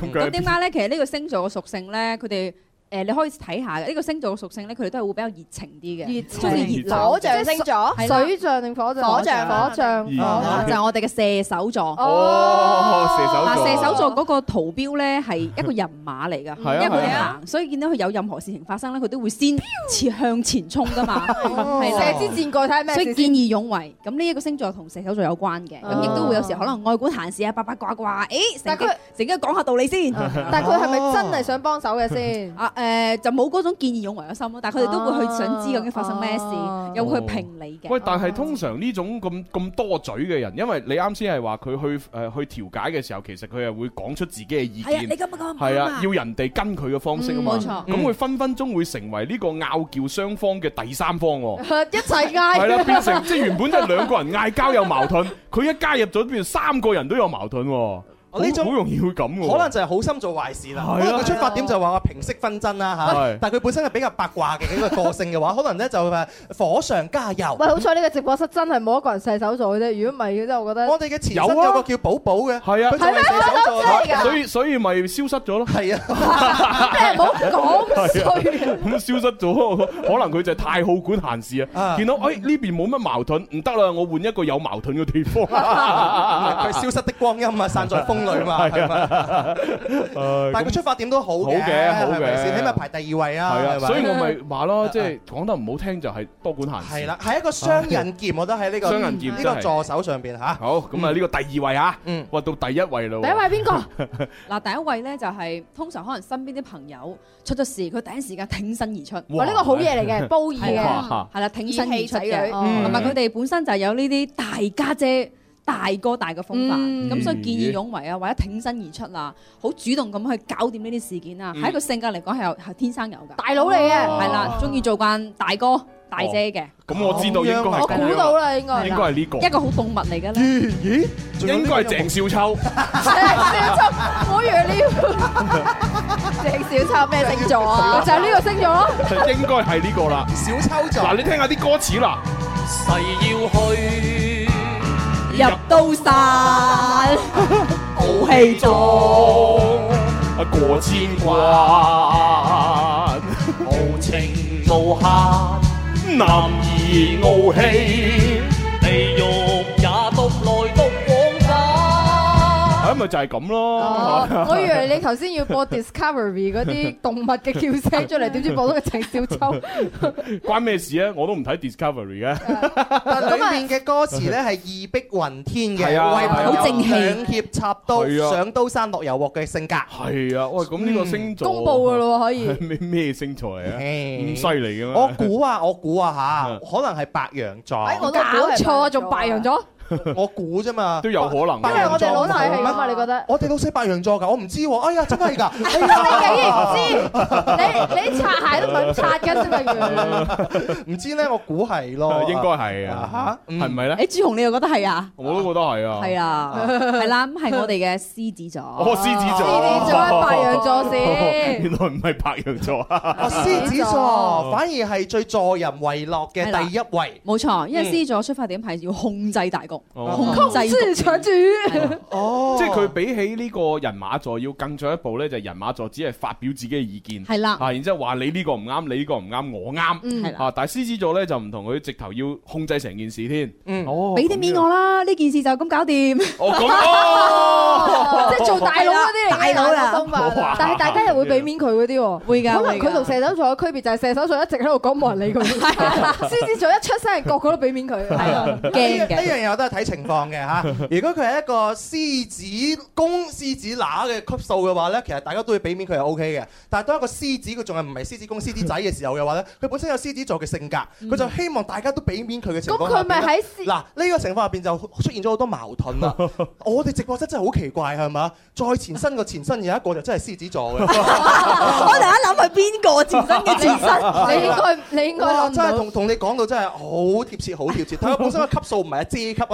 邊個？咁點解咧？其實呢個星座嘅屬性咧，佢哋。誒你可以睇下嘅呢個星座嘅屬性咧，佢哋都係會比較熱情啲嘅，中意熱鬧。火象星座，水象定火象？火象火象，就係我哋嘅射手座。哦，射手座。嗱，射手座嗰個圖標咧係一個人馬嚟㗎，一個人行，所以見到佢有任何事情發生咧，佢都會先向前衝㗎嘛。係啦，射之前過睇咩？所以見義勇為。咁呢一個星座同射手座有關嘅，咁亦都會有時可能愛管閒事啊，八卦八卦。誒，但佢成日講下道理先。但佢係咪真係想幫手嘅先？誒、呃，就冇嗰種見義勇為嘅心咯，但係佢哋都會去想知究竟發生咩事，啊啊、又會去評理嘅。喂，但係通常呢種咁咁多嘴嘅人，因為你啱先係話佢去誒、呃、去調解嘅時候，其實佢係會講出自己嘅意見。係啊，你咁樣講，係啊，要人哋跟佢嘅方式啊嘛。冇錯、嗯，咁、嗯、會分分鐘會成為呢個拗撬雙方嘅第三方、哦。誒， 一齊嗌，係啦， 變成即係原本即係兩個人嗌交有矛盾，佢 一加入咗，變三個人都有矛盾、哦。呢種好容易會咁喎，可能就係好心做壞事啦。佢出發點就話話平息紛爭啦嚇，但係佢本身係比較八卦嘅幾個性嘅話，可能咧就會火上加油。喂，好彩呢個直播室真係冇一個人射手座嘅啫，如果唔係嘅，係我覺得。我哋嘅前身有個叫寶寶嘅，係啊，佢咩？我真係所以所以咪消失咗咯。係啊，唔好講咁消失咗，可能佢就係太好管閒事啊。見到哎呢邊冇乜矛盾，唔得啦，我換一個有矛盾嘅地方。佢消失的光陰啊，散在風。女但係佢出發點都好好嘅，好嘅，起碼排第二位啊。係啊，所以我咪話咯，即係講得唔好聽，就係多管閒事。係啦，係一個雙刃劍，我都喺呢個雙刃劍呢個助手上邊嚇。好，咁啊呢個第二位啊，嗯，哇到第一位嘞喎。第一位邊個？嗱，第一位咧就係通常可能身邊啲朋友出咗事，佢第一時間挺身而出。哇，呢個好嘢嚟嘅，褒義嘅，係啦，挺身而出嘅，義氣仔女，同埋佢哋本身就係有呢啲大家姐。大哥大嘅風範，咁所以見義勇為啊，或者挺身而出啦，好主動咁去搞掂呢啲事件啊，喺個性格嚟講係有係天生有嘅，大佬嚟嘅，係啦，中意做慣大哥大姐嘅。咁我知道應該係我估到啦，應該應該係呢個一個好動物嚟㗎啦。咦咦，應該係鄭少秋。少秋，我以為你鄭少秋咩星座啊？就係呢個星座咯。應該係呢個啦。少秋座。嗱，你聽下啲歌詞啦。誓要去入刀山，傲 氣中過千關，豪 情無限，男兒傲氣。就係咁咯。我以為你頭先要播 Discovery 嗰啲動物嘅叫聲出嚟，點知播到個鄭少秋？關咩事啊？我都唔睇 Discovery 嘅。入面嘅歌詞咧係義薄雲天嘅，為保正氣，兩脅插刀，上刀山落油鑊嘅性格。係啊，喂，咁呢個星座公布噶咯，可以咩咩星座啊？咁犀利嘅我估啊，我估啊吓，可能係白羊座。我都估錯，仲白羊座。我估啫嘛，都有可能。因為我哋老細係嘛，你覺得？我哋老細白羊座噶，我唔知喎。哎呀，真係㗎，你竟然唔知？你你擦鞋都唔擦嘅，不如唔知咧？我估係咯，應該係啊。吓？係唔係咧？誒，朱紅，你又覺得係啊？我都覺得係啊。係啊，係啦，咁係我哋嘅獅子座。哦，獅子座，獅子座，白羊座先。原來唔係白羊座啊，獅子座反而係最助人為樂嘅第一位。冇錯，因為獅子座出發點係要控制大哦，即係佢比起呢個人馬座要更進一步咧，就係人馬座只係發表自己嘅意見係啦，係然之後話你呢個唔啱，你呢個唔啱，我啱，係啦，但係獅子座咧就唔同佢直頭要控制成件事添，嗯，哦，俾啲面我啦，呢件事就咁搞掂，哦，即係做大佬嗰啲嚟嘅，大佬啦，但係大家又會俾面佢嗰啲，會噶，可能佢同射手座嘅區別就係射手座一直喺度講冇人理佢，係啊，獅子座一出聲係個個都俾面佢，係啊，驚嘅，呢樣嘢我睇情況嘅嚇，如果佢係一個獅子公、獅子乸嘅級數嘅話呢，其實大家都會俾面佢係 O K 嘅。但係當一個獅子佢仲係唔係獅子公、獅子仔嘅時候嘅話呢，佢本身有獅子座嘅性格，佢就希望大家都俾面佢嘅情況下邊。嗱呢個情況入邊就出現咗好多矛盾啊！我哋直播室真係好奇怪係嘛？再前身個前身有一個就真係獅子座嘅。我突然間諗係邊個前身嘅前身？你應該你應該真係同同你講到真係好貼切，好貼切。但佢本身嘅級數唔係阿姐級啊。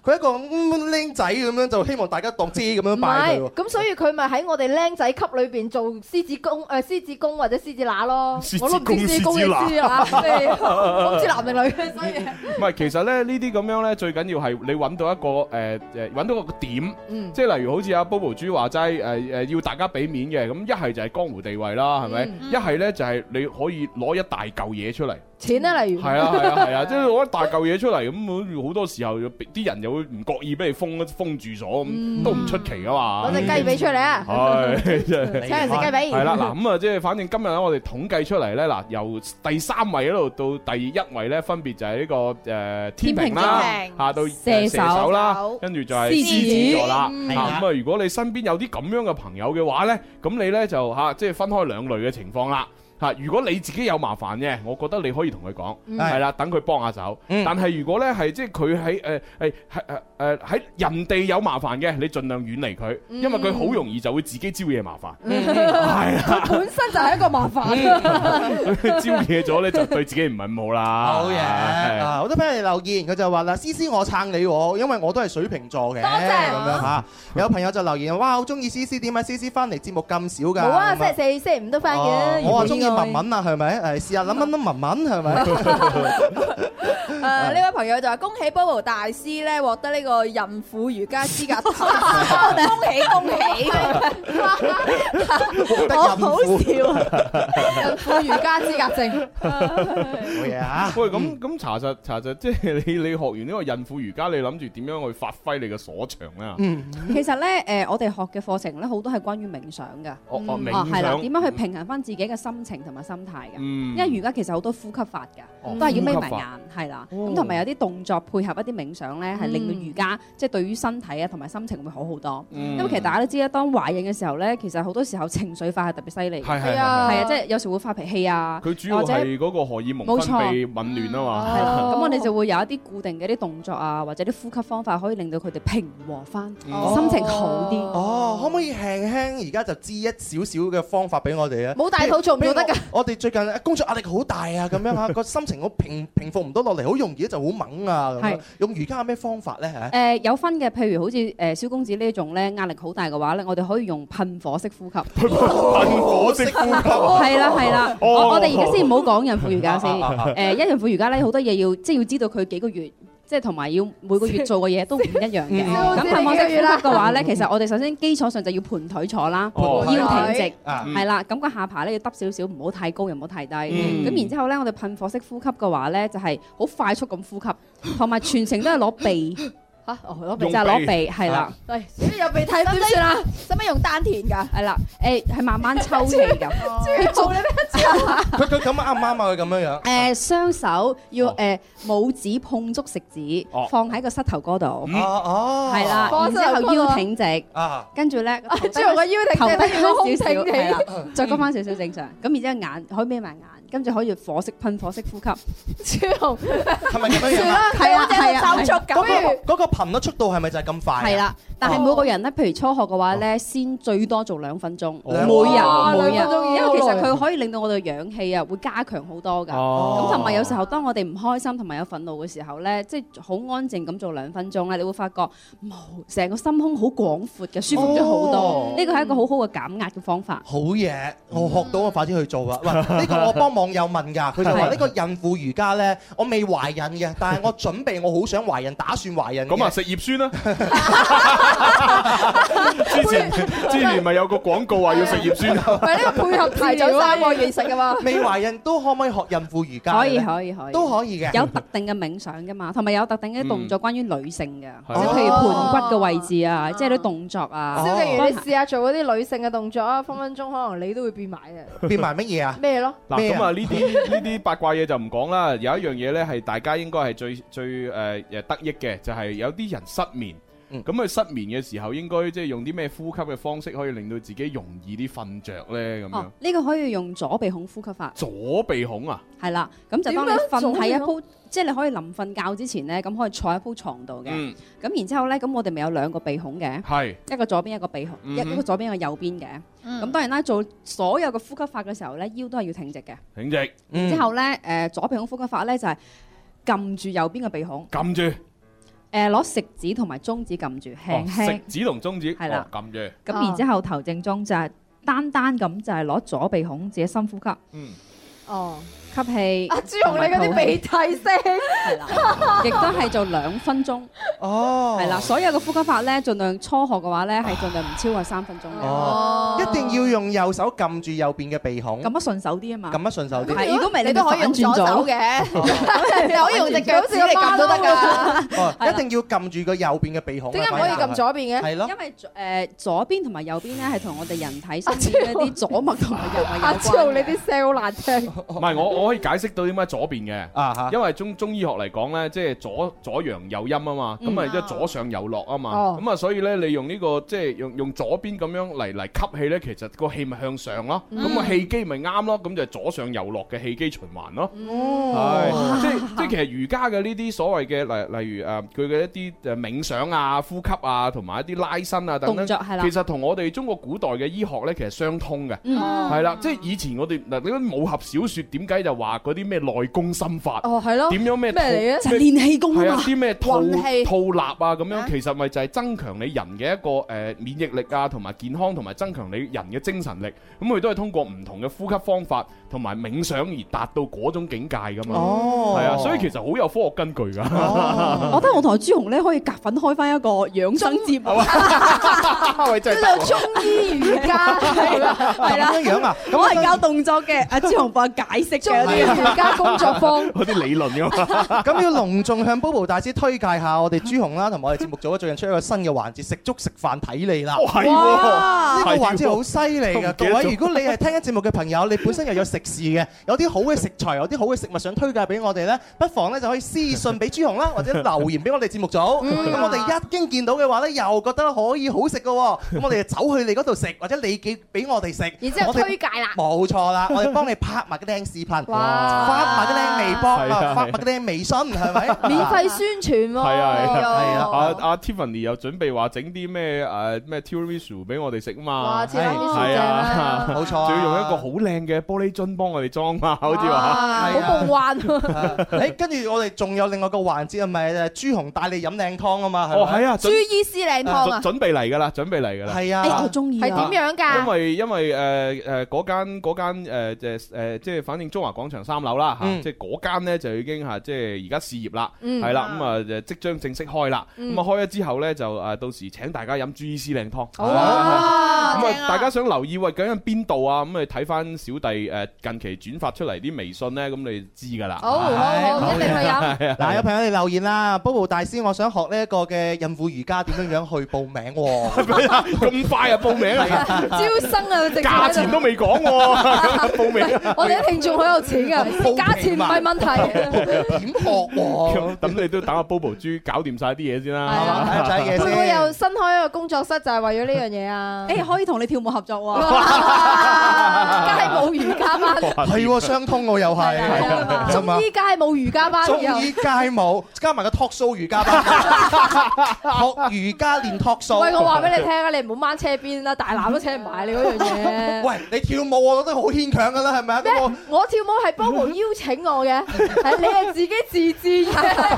佢一個僆仔咁樣，就希望大家當遮咁樣買佢喎。唔係，咁所以佢咪喺我哋僆仔級裏邊做獅子公誒、呃、獅子公或者獅子乸咯。獅子公、獅子乸，獅子男定女，所以唔係， 嗯、其實咧呢啲咁樣咧，最緊要係你揾到一個誒誒揾到個點，嗯、即係例如好似阿 Bobo 豬話齋誒誒，要大家俾面嘅，咁一係就係江湖地位啦，係咪？一係咧就係你可以攞一大嚿嘢出嚟。錢咧，例如係啊係啊係啊，即係攞一大嚿嘢出嚟咁，好多時候啲人又～會唔覺意俾你封封住咗咁，都唔出奇噶嘛。攞隻雞髀出嚟啊！係，請人食雞髀。係啦，嗱咁啊，即係反正今日咧，我哋統計出嚟咧，嗱由第三位嗰度到第一位咧，分別就係呢個誒天平啦，吓到射手啦，跟住就係獅子座啦。吓咁啊，如果你身邊有啲咁樣嘅朋友嘅話咧，咁你咧就吓即係分開兩類嘅情況啦。嗱！如果你自己有麻煩嘅，我覺得你可以同佢講，係啦，等佢幫下手。但係如果咧係即係佢喺誒誒係誒喺人哋有麻煩嘅，你盡量遠離佢，因為佢好容易就會自己招惹麻煩。係啊，本身就係一個麻煩，招惹咗咧就對自己唔係咁好啦。好嘢！啊，好多朋友留言，佢就話啦：C C 我撐你，我因為我都係水瓶座嘅。咁樣嚇。有朋友就留言：哇，好中意 C C，點解 C C 翻嚟節目咁少㗎？冇啊，星期四、星期五都翻嘅。我話中意。文文啊，係咪？誒，試下諗一諗文文係咪？誒，呢位朋友就話恭喜 Bobo 大師咧，獲得呢個孕婦瑜伽資格。恭喜恭喜！好笑啊！孕婦瑜伽資格證。乜嘢啊？喂，咁咁查實查實，即係你你學完呢個孕婦瑜伽，你諗住點樣去發揮你嘅所長啊？嗯，其實咧，誒，我哋學嘅課程咧，好多係關於冥想噶，哦哦，明係啦，點樣去平衡翻自己嘅心情？同埋心態嘅，因為瑜伽其實好多呼吸法嘅，都係要眯埋眼，係啦。咁同埋有啲動作配合一啲冥想咧，係令到瑜伽即係對於身體啊同埋心情會好好多。因為其實大家都知咧，當懷孕嘅時候咧，其實好多時候情緒化係特別犀利，係啊，係啊，即係有時會發脾氣啊。佢主要係嗰個荷爾蒙被紊亂啊嘛。咁我哋就會有一啲固定嘅啲動作啊，或者啲呼吸方法，可以令到佢哋平和翻，心情好啲。哦，可唔可以輕輕而家就知一少少嘅方法俾我哋咧？冇大肚做咩？我哋最近工作壓力好大啊，咁樣嚇、啊、個心情好平平復唔到落嚟，好容易就好猛啊。係是用瑜伽有咩方法咧？嚇誒、呃、有分嘅，譬如好似誒、呃、蕭公子種呢種咧，壓力好大嘅話咧，我哋可以用噴火式呼吸。噴火式呼吸？係啦，係啦。我哋而家先唔好講孕婦瑜伽 先。一孕婦瑜伽咧好多嘢要，即係要知道佢幾個月。即係同埋要每個月做嘅嘢都唔一樣嘅，咁、嗯、噴火式呼吸嘅話咧，嗯、其實我哋首先基礎上就要盤腿坐啦，哦、腰挺直，係啦，咁個下巴咧要得少少，唔好太高又唔好太低，咁、嗯嗯、然之後咧，我哋噴火式呼吸嘅話咧，就係、是、好快速咁呼吸，同埋全程都係攞鼻。嚇！攞鼻就係攞鼻，係啦。嚟，有鼻睇點算啦？使乜用丹田㗎？係啦。誒，係慢慢抽氣咁。做你咩？佢佢咁啱唔啱啊？佢咁樣樣。誒，雙手要誒，拇指碰觸食指，放喺個膝頭哥度。哦哦，係啦。然之後腰挺直。啊。跟住咧，將個腰挺直，等住少少，係啦。再彎翻少少正常。咁，然之後眼可以眯埋眼。跟住可以火式噴火式呼吸，超紅，係咪咁樣樣啊？係啊，手速。噉嗰個嗰個頻率速度係咪就係咁快？係啦，但係每個人咧，譬如初學嘅話咧，先最多做兩分鐘，每日每日，因為其實佢可以令到我哋嘅氧氣啊，會加強好多㗎。咁同埋有時候當我哋唔開心同埋有憤怒嘅時候咧，即係好安靜咁做兩分鐘咧，你會發覺成個心胸好廣闊嘅，舒服咗好多。呢個係一個好好嘅減壓嘅方法。好嘢，我學到我快啲去做啦。哇，呢個我幫忙。網友問噶，佢就話呢個孕婦瑜伽咧，我未懷孕嘅，但係我準備，我好想懷孕，打算懷孕。咁啊，食葉酸啦。之前之前咪有個廣告話要食葉酸。係呢個配合柴酒齋我而食噶嘛。未懷孕都可唔可以學孕婦瑜伽？可以可以可以，都可以嘅。有特定嘅冥想噶嘛，同埋有特定嘅動作，關於女性嘅，即係譬如盆骨嘅位置啊，即係啲動作啊。蕭敬堯，你試下做嗰啲女性嘅動作啊，分分鐘可能你都會變埋嘅。變埋乜嘢啊？咩咯？嗱咁啊。呢啲呢啲八卦嘢就唔講啦，有一樣嘢呢，係大家應該係最最誒誒、呃、得益嘅，就係、是、有啲人失眠。咁佢失眠嘅時候，應該即係用啲咩呼吸嘅方式，可以令到自己容易啲瞓着咧？咁呢個可以用左鼻孔呼吸法。左鼻孔啊？係啦，咁就幫你瞓喺一鋪，即係你可以臨瞓覺之前咧，咁可以坐喺鋪床度嘅。嗯。咁然之後咧，咁我哋咪有兩個鼻孔嘅。係。一個左邊一個鼻孔，一個左邊一個右邊嘅。嗯。咁當然啦，做所有嘅呼吸法嘅時候咧，腰都係要挺直嘅。挺直。之後咧，誒，左鼻孔呼吸法咧就係撳住右邊嘅鼻孔。撳住。誒攞，呃、食指同埋中指撳住，輕輕，哦、食指同中指係啦，撳住的。咁，哦、然之後頭正中，就係單單咁，就係攞左鼻孔自己深呼吸。嗯。哦。吸氣，啊朱紅，你嗰啲鼻涕聲，係啦，亦都係做兩分鐘。哦，係啦，所有嘅呼吸法咧，儘量初學嘅話咧，係儘量唔超過三分鐘。哦，一定要用右手撳住右邊嘅鼻孔，撳得順手啲啊嘛，撳得順手啲。係，如果唔係你都可以用左手嘅，咁又可以用隻腳好似個巴都得㗎。哦，一定要撳住個右邊嘅鼻孔。點解唔可以撳左邊嘅？係咯，因為誒左邊同埋右邊咧係同我哋人體身嗰啲左脈同埋右脈有關。阿超，你啲聲好難聽。唔係我我。我可以解釋到點解左邊嘅，因為中中醫學嚟講咧，即係左左陽右陰啊嘛，咁啊即係左上右落啊嘛，咁啊所以咧，你用呢個即係用用左邊咁樣嚟嚟吸氣咧，其實個氣咪向上咯，咁個氣機咪啱咯，咁就左上右落嘅氣機循環咯。哦，即係即係其實瑜伽嘅呢啲所謂嘅，例例如誒佢嘅一啲誒冥想啊、呼吸啊，同埋一啲拉伸啊等等，動作係啦，其實同我哋中國古代嘅醫學咧，其實相通嘅，係啦，即係以前我哋嗱點解武俠小說點解就.話嗰啲咩內功心法，哦係咯，點樣咩練氣功啊，啲咩吐氣吐納啊，咁樣其實咪就係增強你人嘅一個誒免疫力啊，同埋健康，同埋增強你人嘅精神力。咁佢都係通過唔同嘅呼吸方法同埋冥想而達到嗰種境界噶嘛。哦，係啊，所以其實好有科學根據噶。我覺得我同阿朱紅咧可以夾份開翻一個養生節目，叫做中醫瑜伽。係啦，係啦。咩樣啊？咁我係教動作嘅，阿朱紅幫我解釋。啲瑜伽工作坊，嗰啲理論咁。咁要隆重向 BoBo 大師推介下我哋朱紅啦，同埋我哋節目組最近出一個新嘅環節，食粥食飯睇你啦。哇！呢個環節好犀利㗎，各位！如果你係聽緊節目嘅朋友，你本身又有食肆嘅，有啲好嘅食材，有啲好嘅食物想推介俾我哋呢，不妨呢就可以私信俾朱紅啦，或者留言俾我哋節目組。咁我哋一經見到嘅話呢，又覺得可以好食嘅，咁我哋就走去你嗰度食，或者你嘅俾我哋食，然之後推介啦。冇錯啦，我哋幫你拍埋靚視頻。哇！發埋啲靚微博，發埋啲靚微信，係咪免費宣傳喎？係啊係啊！阿阿 Tiffany 又準備話整啲咩誒咩 TV Show 俾我哋食啊嘛！哇！Tiramisu 正，冇錯，仲要用一個好靚嘅玻璃樽幫我哋裝嘛，好似話好高檔。誒，跟住我哋仲有另外個環節啊，咪朱紅帶你飲靚湯啊嘛！哦，係啊，朱醫師靚湯啊！準備嚟噶啦，準備嚟噶啦！係啊，我中意。係點樣㗎？因為因為誒誒嗰間嗰間誒誒即係反正中華廣場三樓啦，吓，即係嗰間咧就已經吓，即係而家試業啦，係啦，咁啊即將正式開啦，咁啊開咗之後咧就啊到時請大家飲朱醫師靚湯，咁啊大家想留意喂，究竟邊度啊？咁你睇翻小弟誒近期轉發出嚟啲微信咧，咁你知噶啦。好，我一定去飲。嗱，有朋友你留言啦 Bobo 大師，我想學呢一個嘅孕婦瑜伽，點樣樣去報名？咁快啊報名啊？招生啊？價錢都未講，報名。我哋啲聽眾好有。錢噶、啊，價錢唔係問題，點學喎？咁你都等阿 Bobo 豬搞掂晒啲嘢先啦，係啊，真嘅、啊。 啊、會唔會又新開一個工作室就係為咗呢樣嘢啊？誒、哎，可以同你跳舞合作喎。係喎，相通喎又係，依家冇瑜伽班，依家冇加埋個托數瑜伽，學瑜伽練托數。喂，我話俾你聽啊，你唔好掹車邊啦，大纜都扯唔埋你嗰樣嘢。喂，你跳舞我覺得好牽強噶啦，係咪啊？我跳舞係幫忙邀請我嘅，你係自己自薦嘅。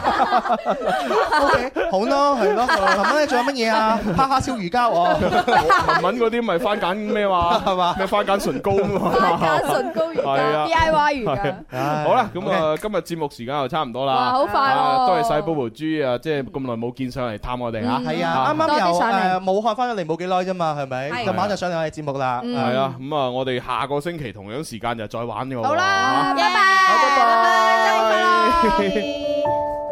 O K，好咯，係咯。琴晚你仲有乜嘢啊？哈哈笑瑜伽，琴晚嗰啲咪番鹼咩嘛，係嘛？咩番鹼唇膏啊？番鹼唇膏。係啊，D I Y 完嘅。好啦，咁啊，今日節目時間又差唔多啦。哇，好快喎！多謝晒 Bubble G 啊，即係咁耐冇見上嚟探我哋吓。係啊，啱啱又誒，武漢翻咗嚟冇幾耐啫嘛，係咪？今晚就上嚟我哋節目啦。係啊，咁啊，我哋下個星期同樣時間就再玩嘅喎。好啦，拜拜，拜拜，拜拜，見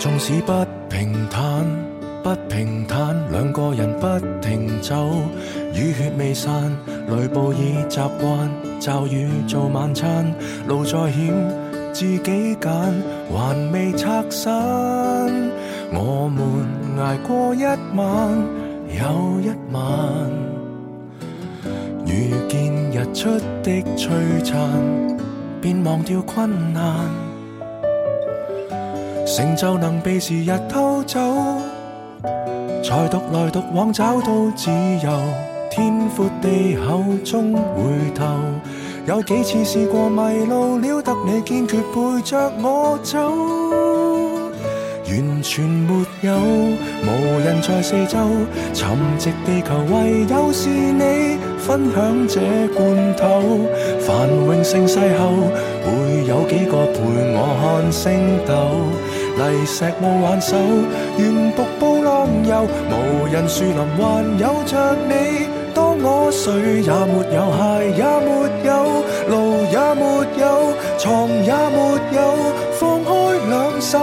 縱使不平坦，不平坦，兩個人不停走，雨血未散，雷暴已習慣，驟雨做晚餐，路再險自己揀，還未拆散，我們捱過一晚又一晚，遇見日出的璀璨，便忘掉困難。成就能被時日偷走，才獨來獨往找到自由。天闊地厚，終回頭。有幾次試過迷路了，得你堅決陪著我走。完全沒有，無人在四周，沉寂地球唯有是你分享這罐頭。繁榮盛世後，會有幾個陪我看星斗？泥石我挽手，沿瀑布浪遊。無人樹林還有着你。當我睡也沒有，鞋也沒有，路也沒有，床也沒有，放開兩手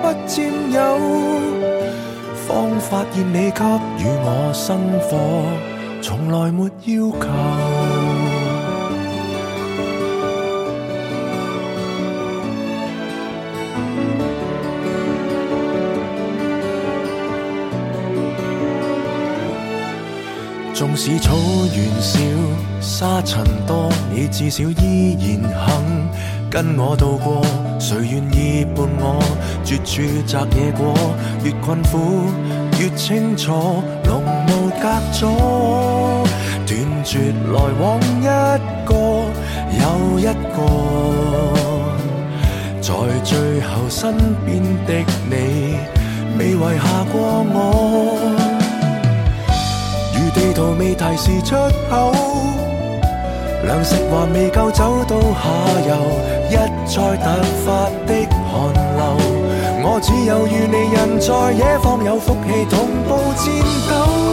不佔有，方發現你給予我生活，從來沒要求。縱使草原少，沙塵多，你至少依然肯跟我渡過。誰願意伴我絕處摘野果？越困苦越清楚，濃霧隔阻，斷絕來往一個又一個，在最後身邊的你，未遺下過我。地圖未提示出口，糧食還未夠走到下游，一再突發的寒流，我只有與你人在野方有福氣同步戰鬥。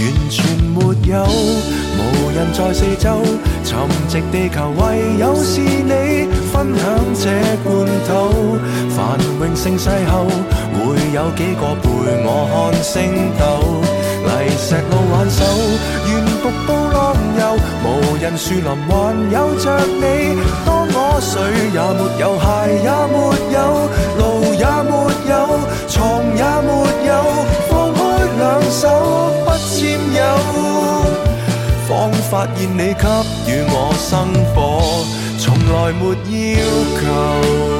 完全沒有，無人在四周沉寂地球，唯有是你分享這罐頭。繁榮盛世後，會有幾個陪我看星斗？石路挽手，沿途都浪遊。無人樹林還有着你。當我睡也沒有鞋，也沒有路，也沒有床，也沒有。放開兩手不佔有，方發現你給予我生活，從來沒要求。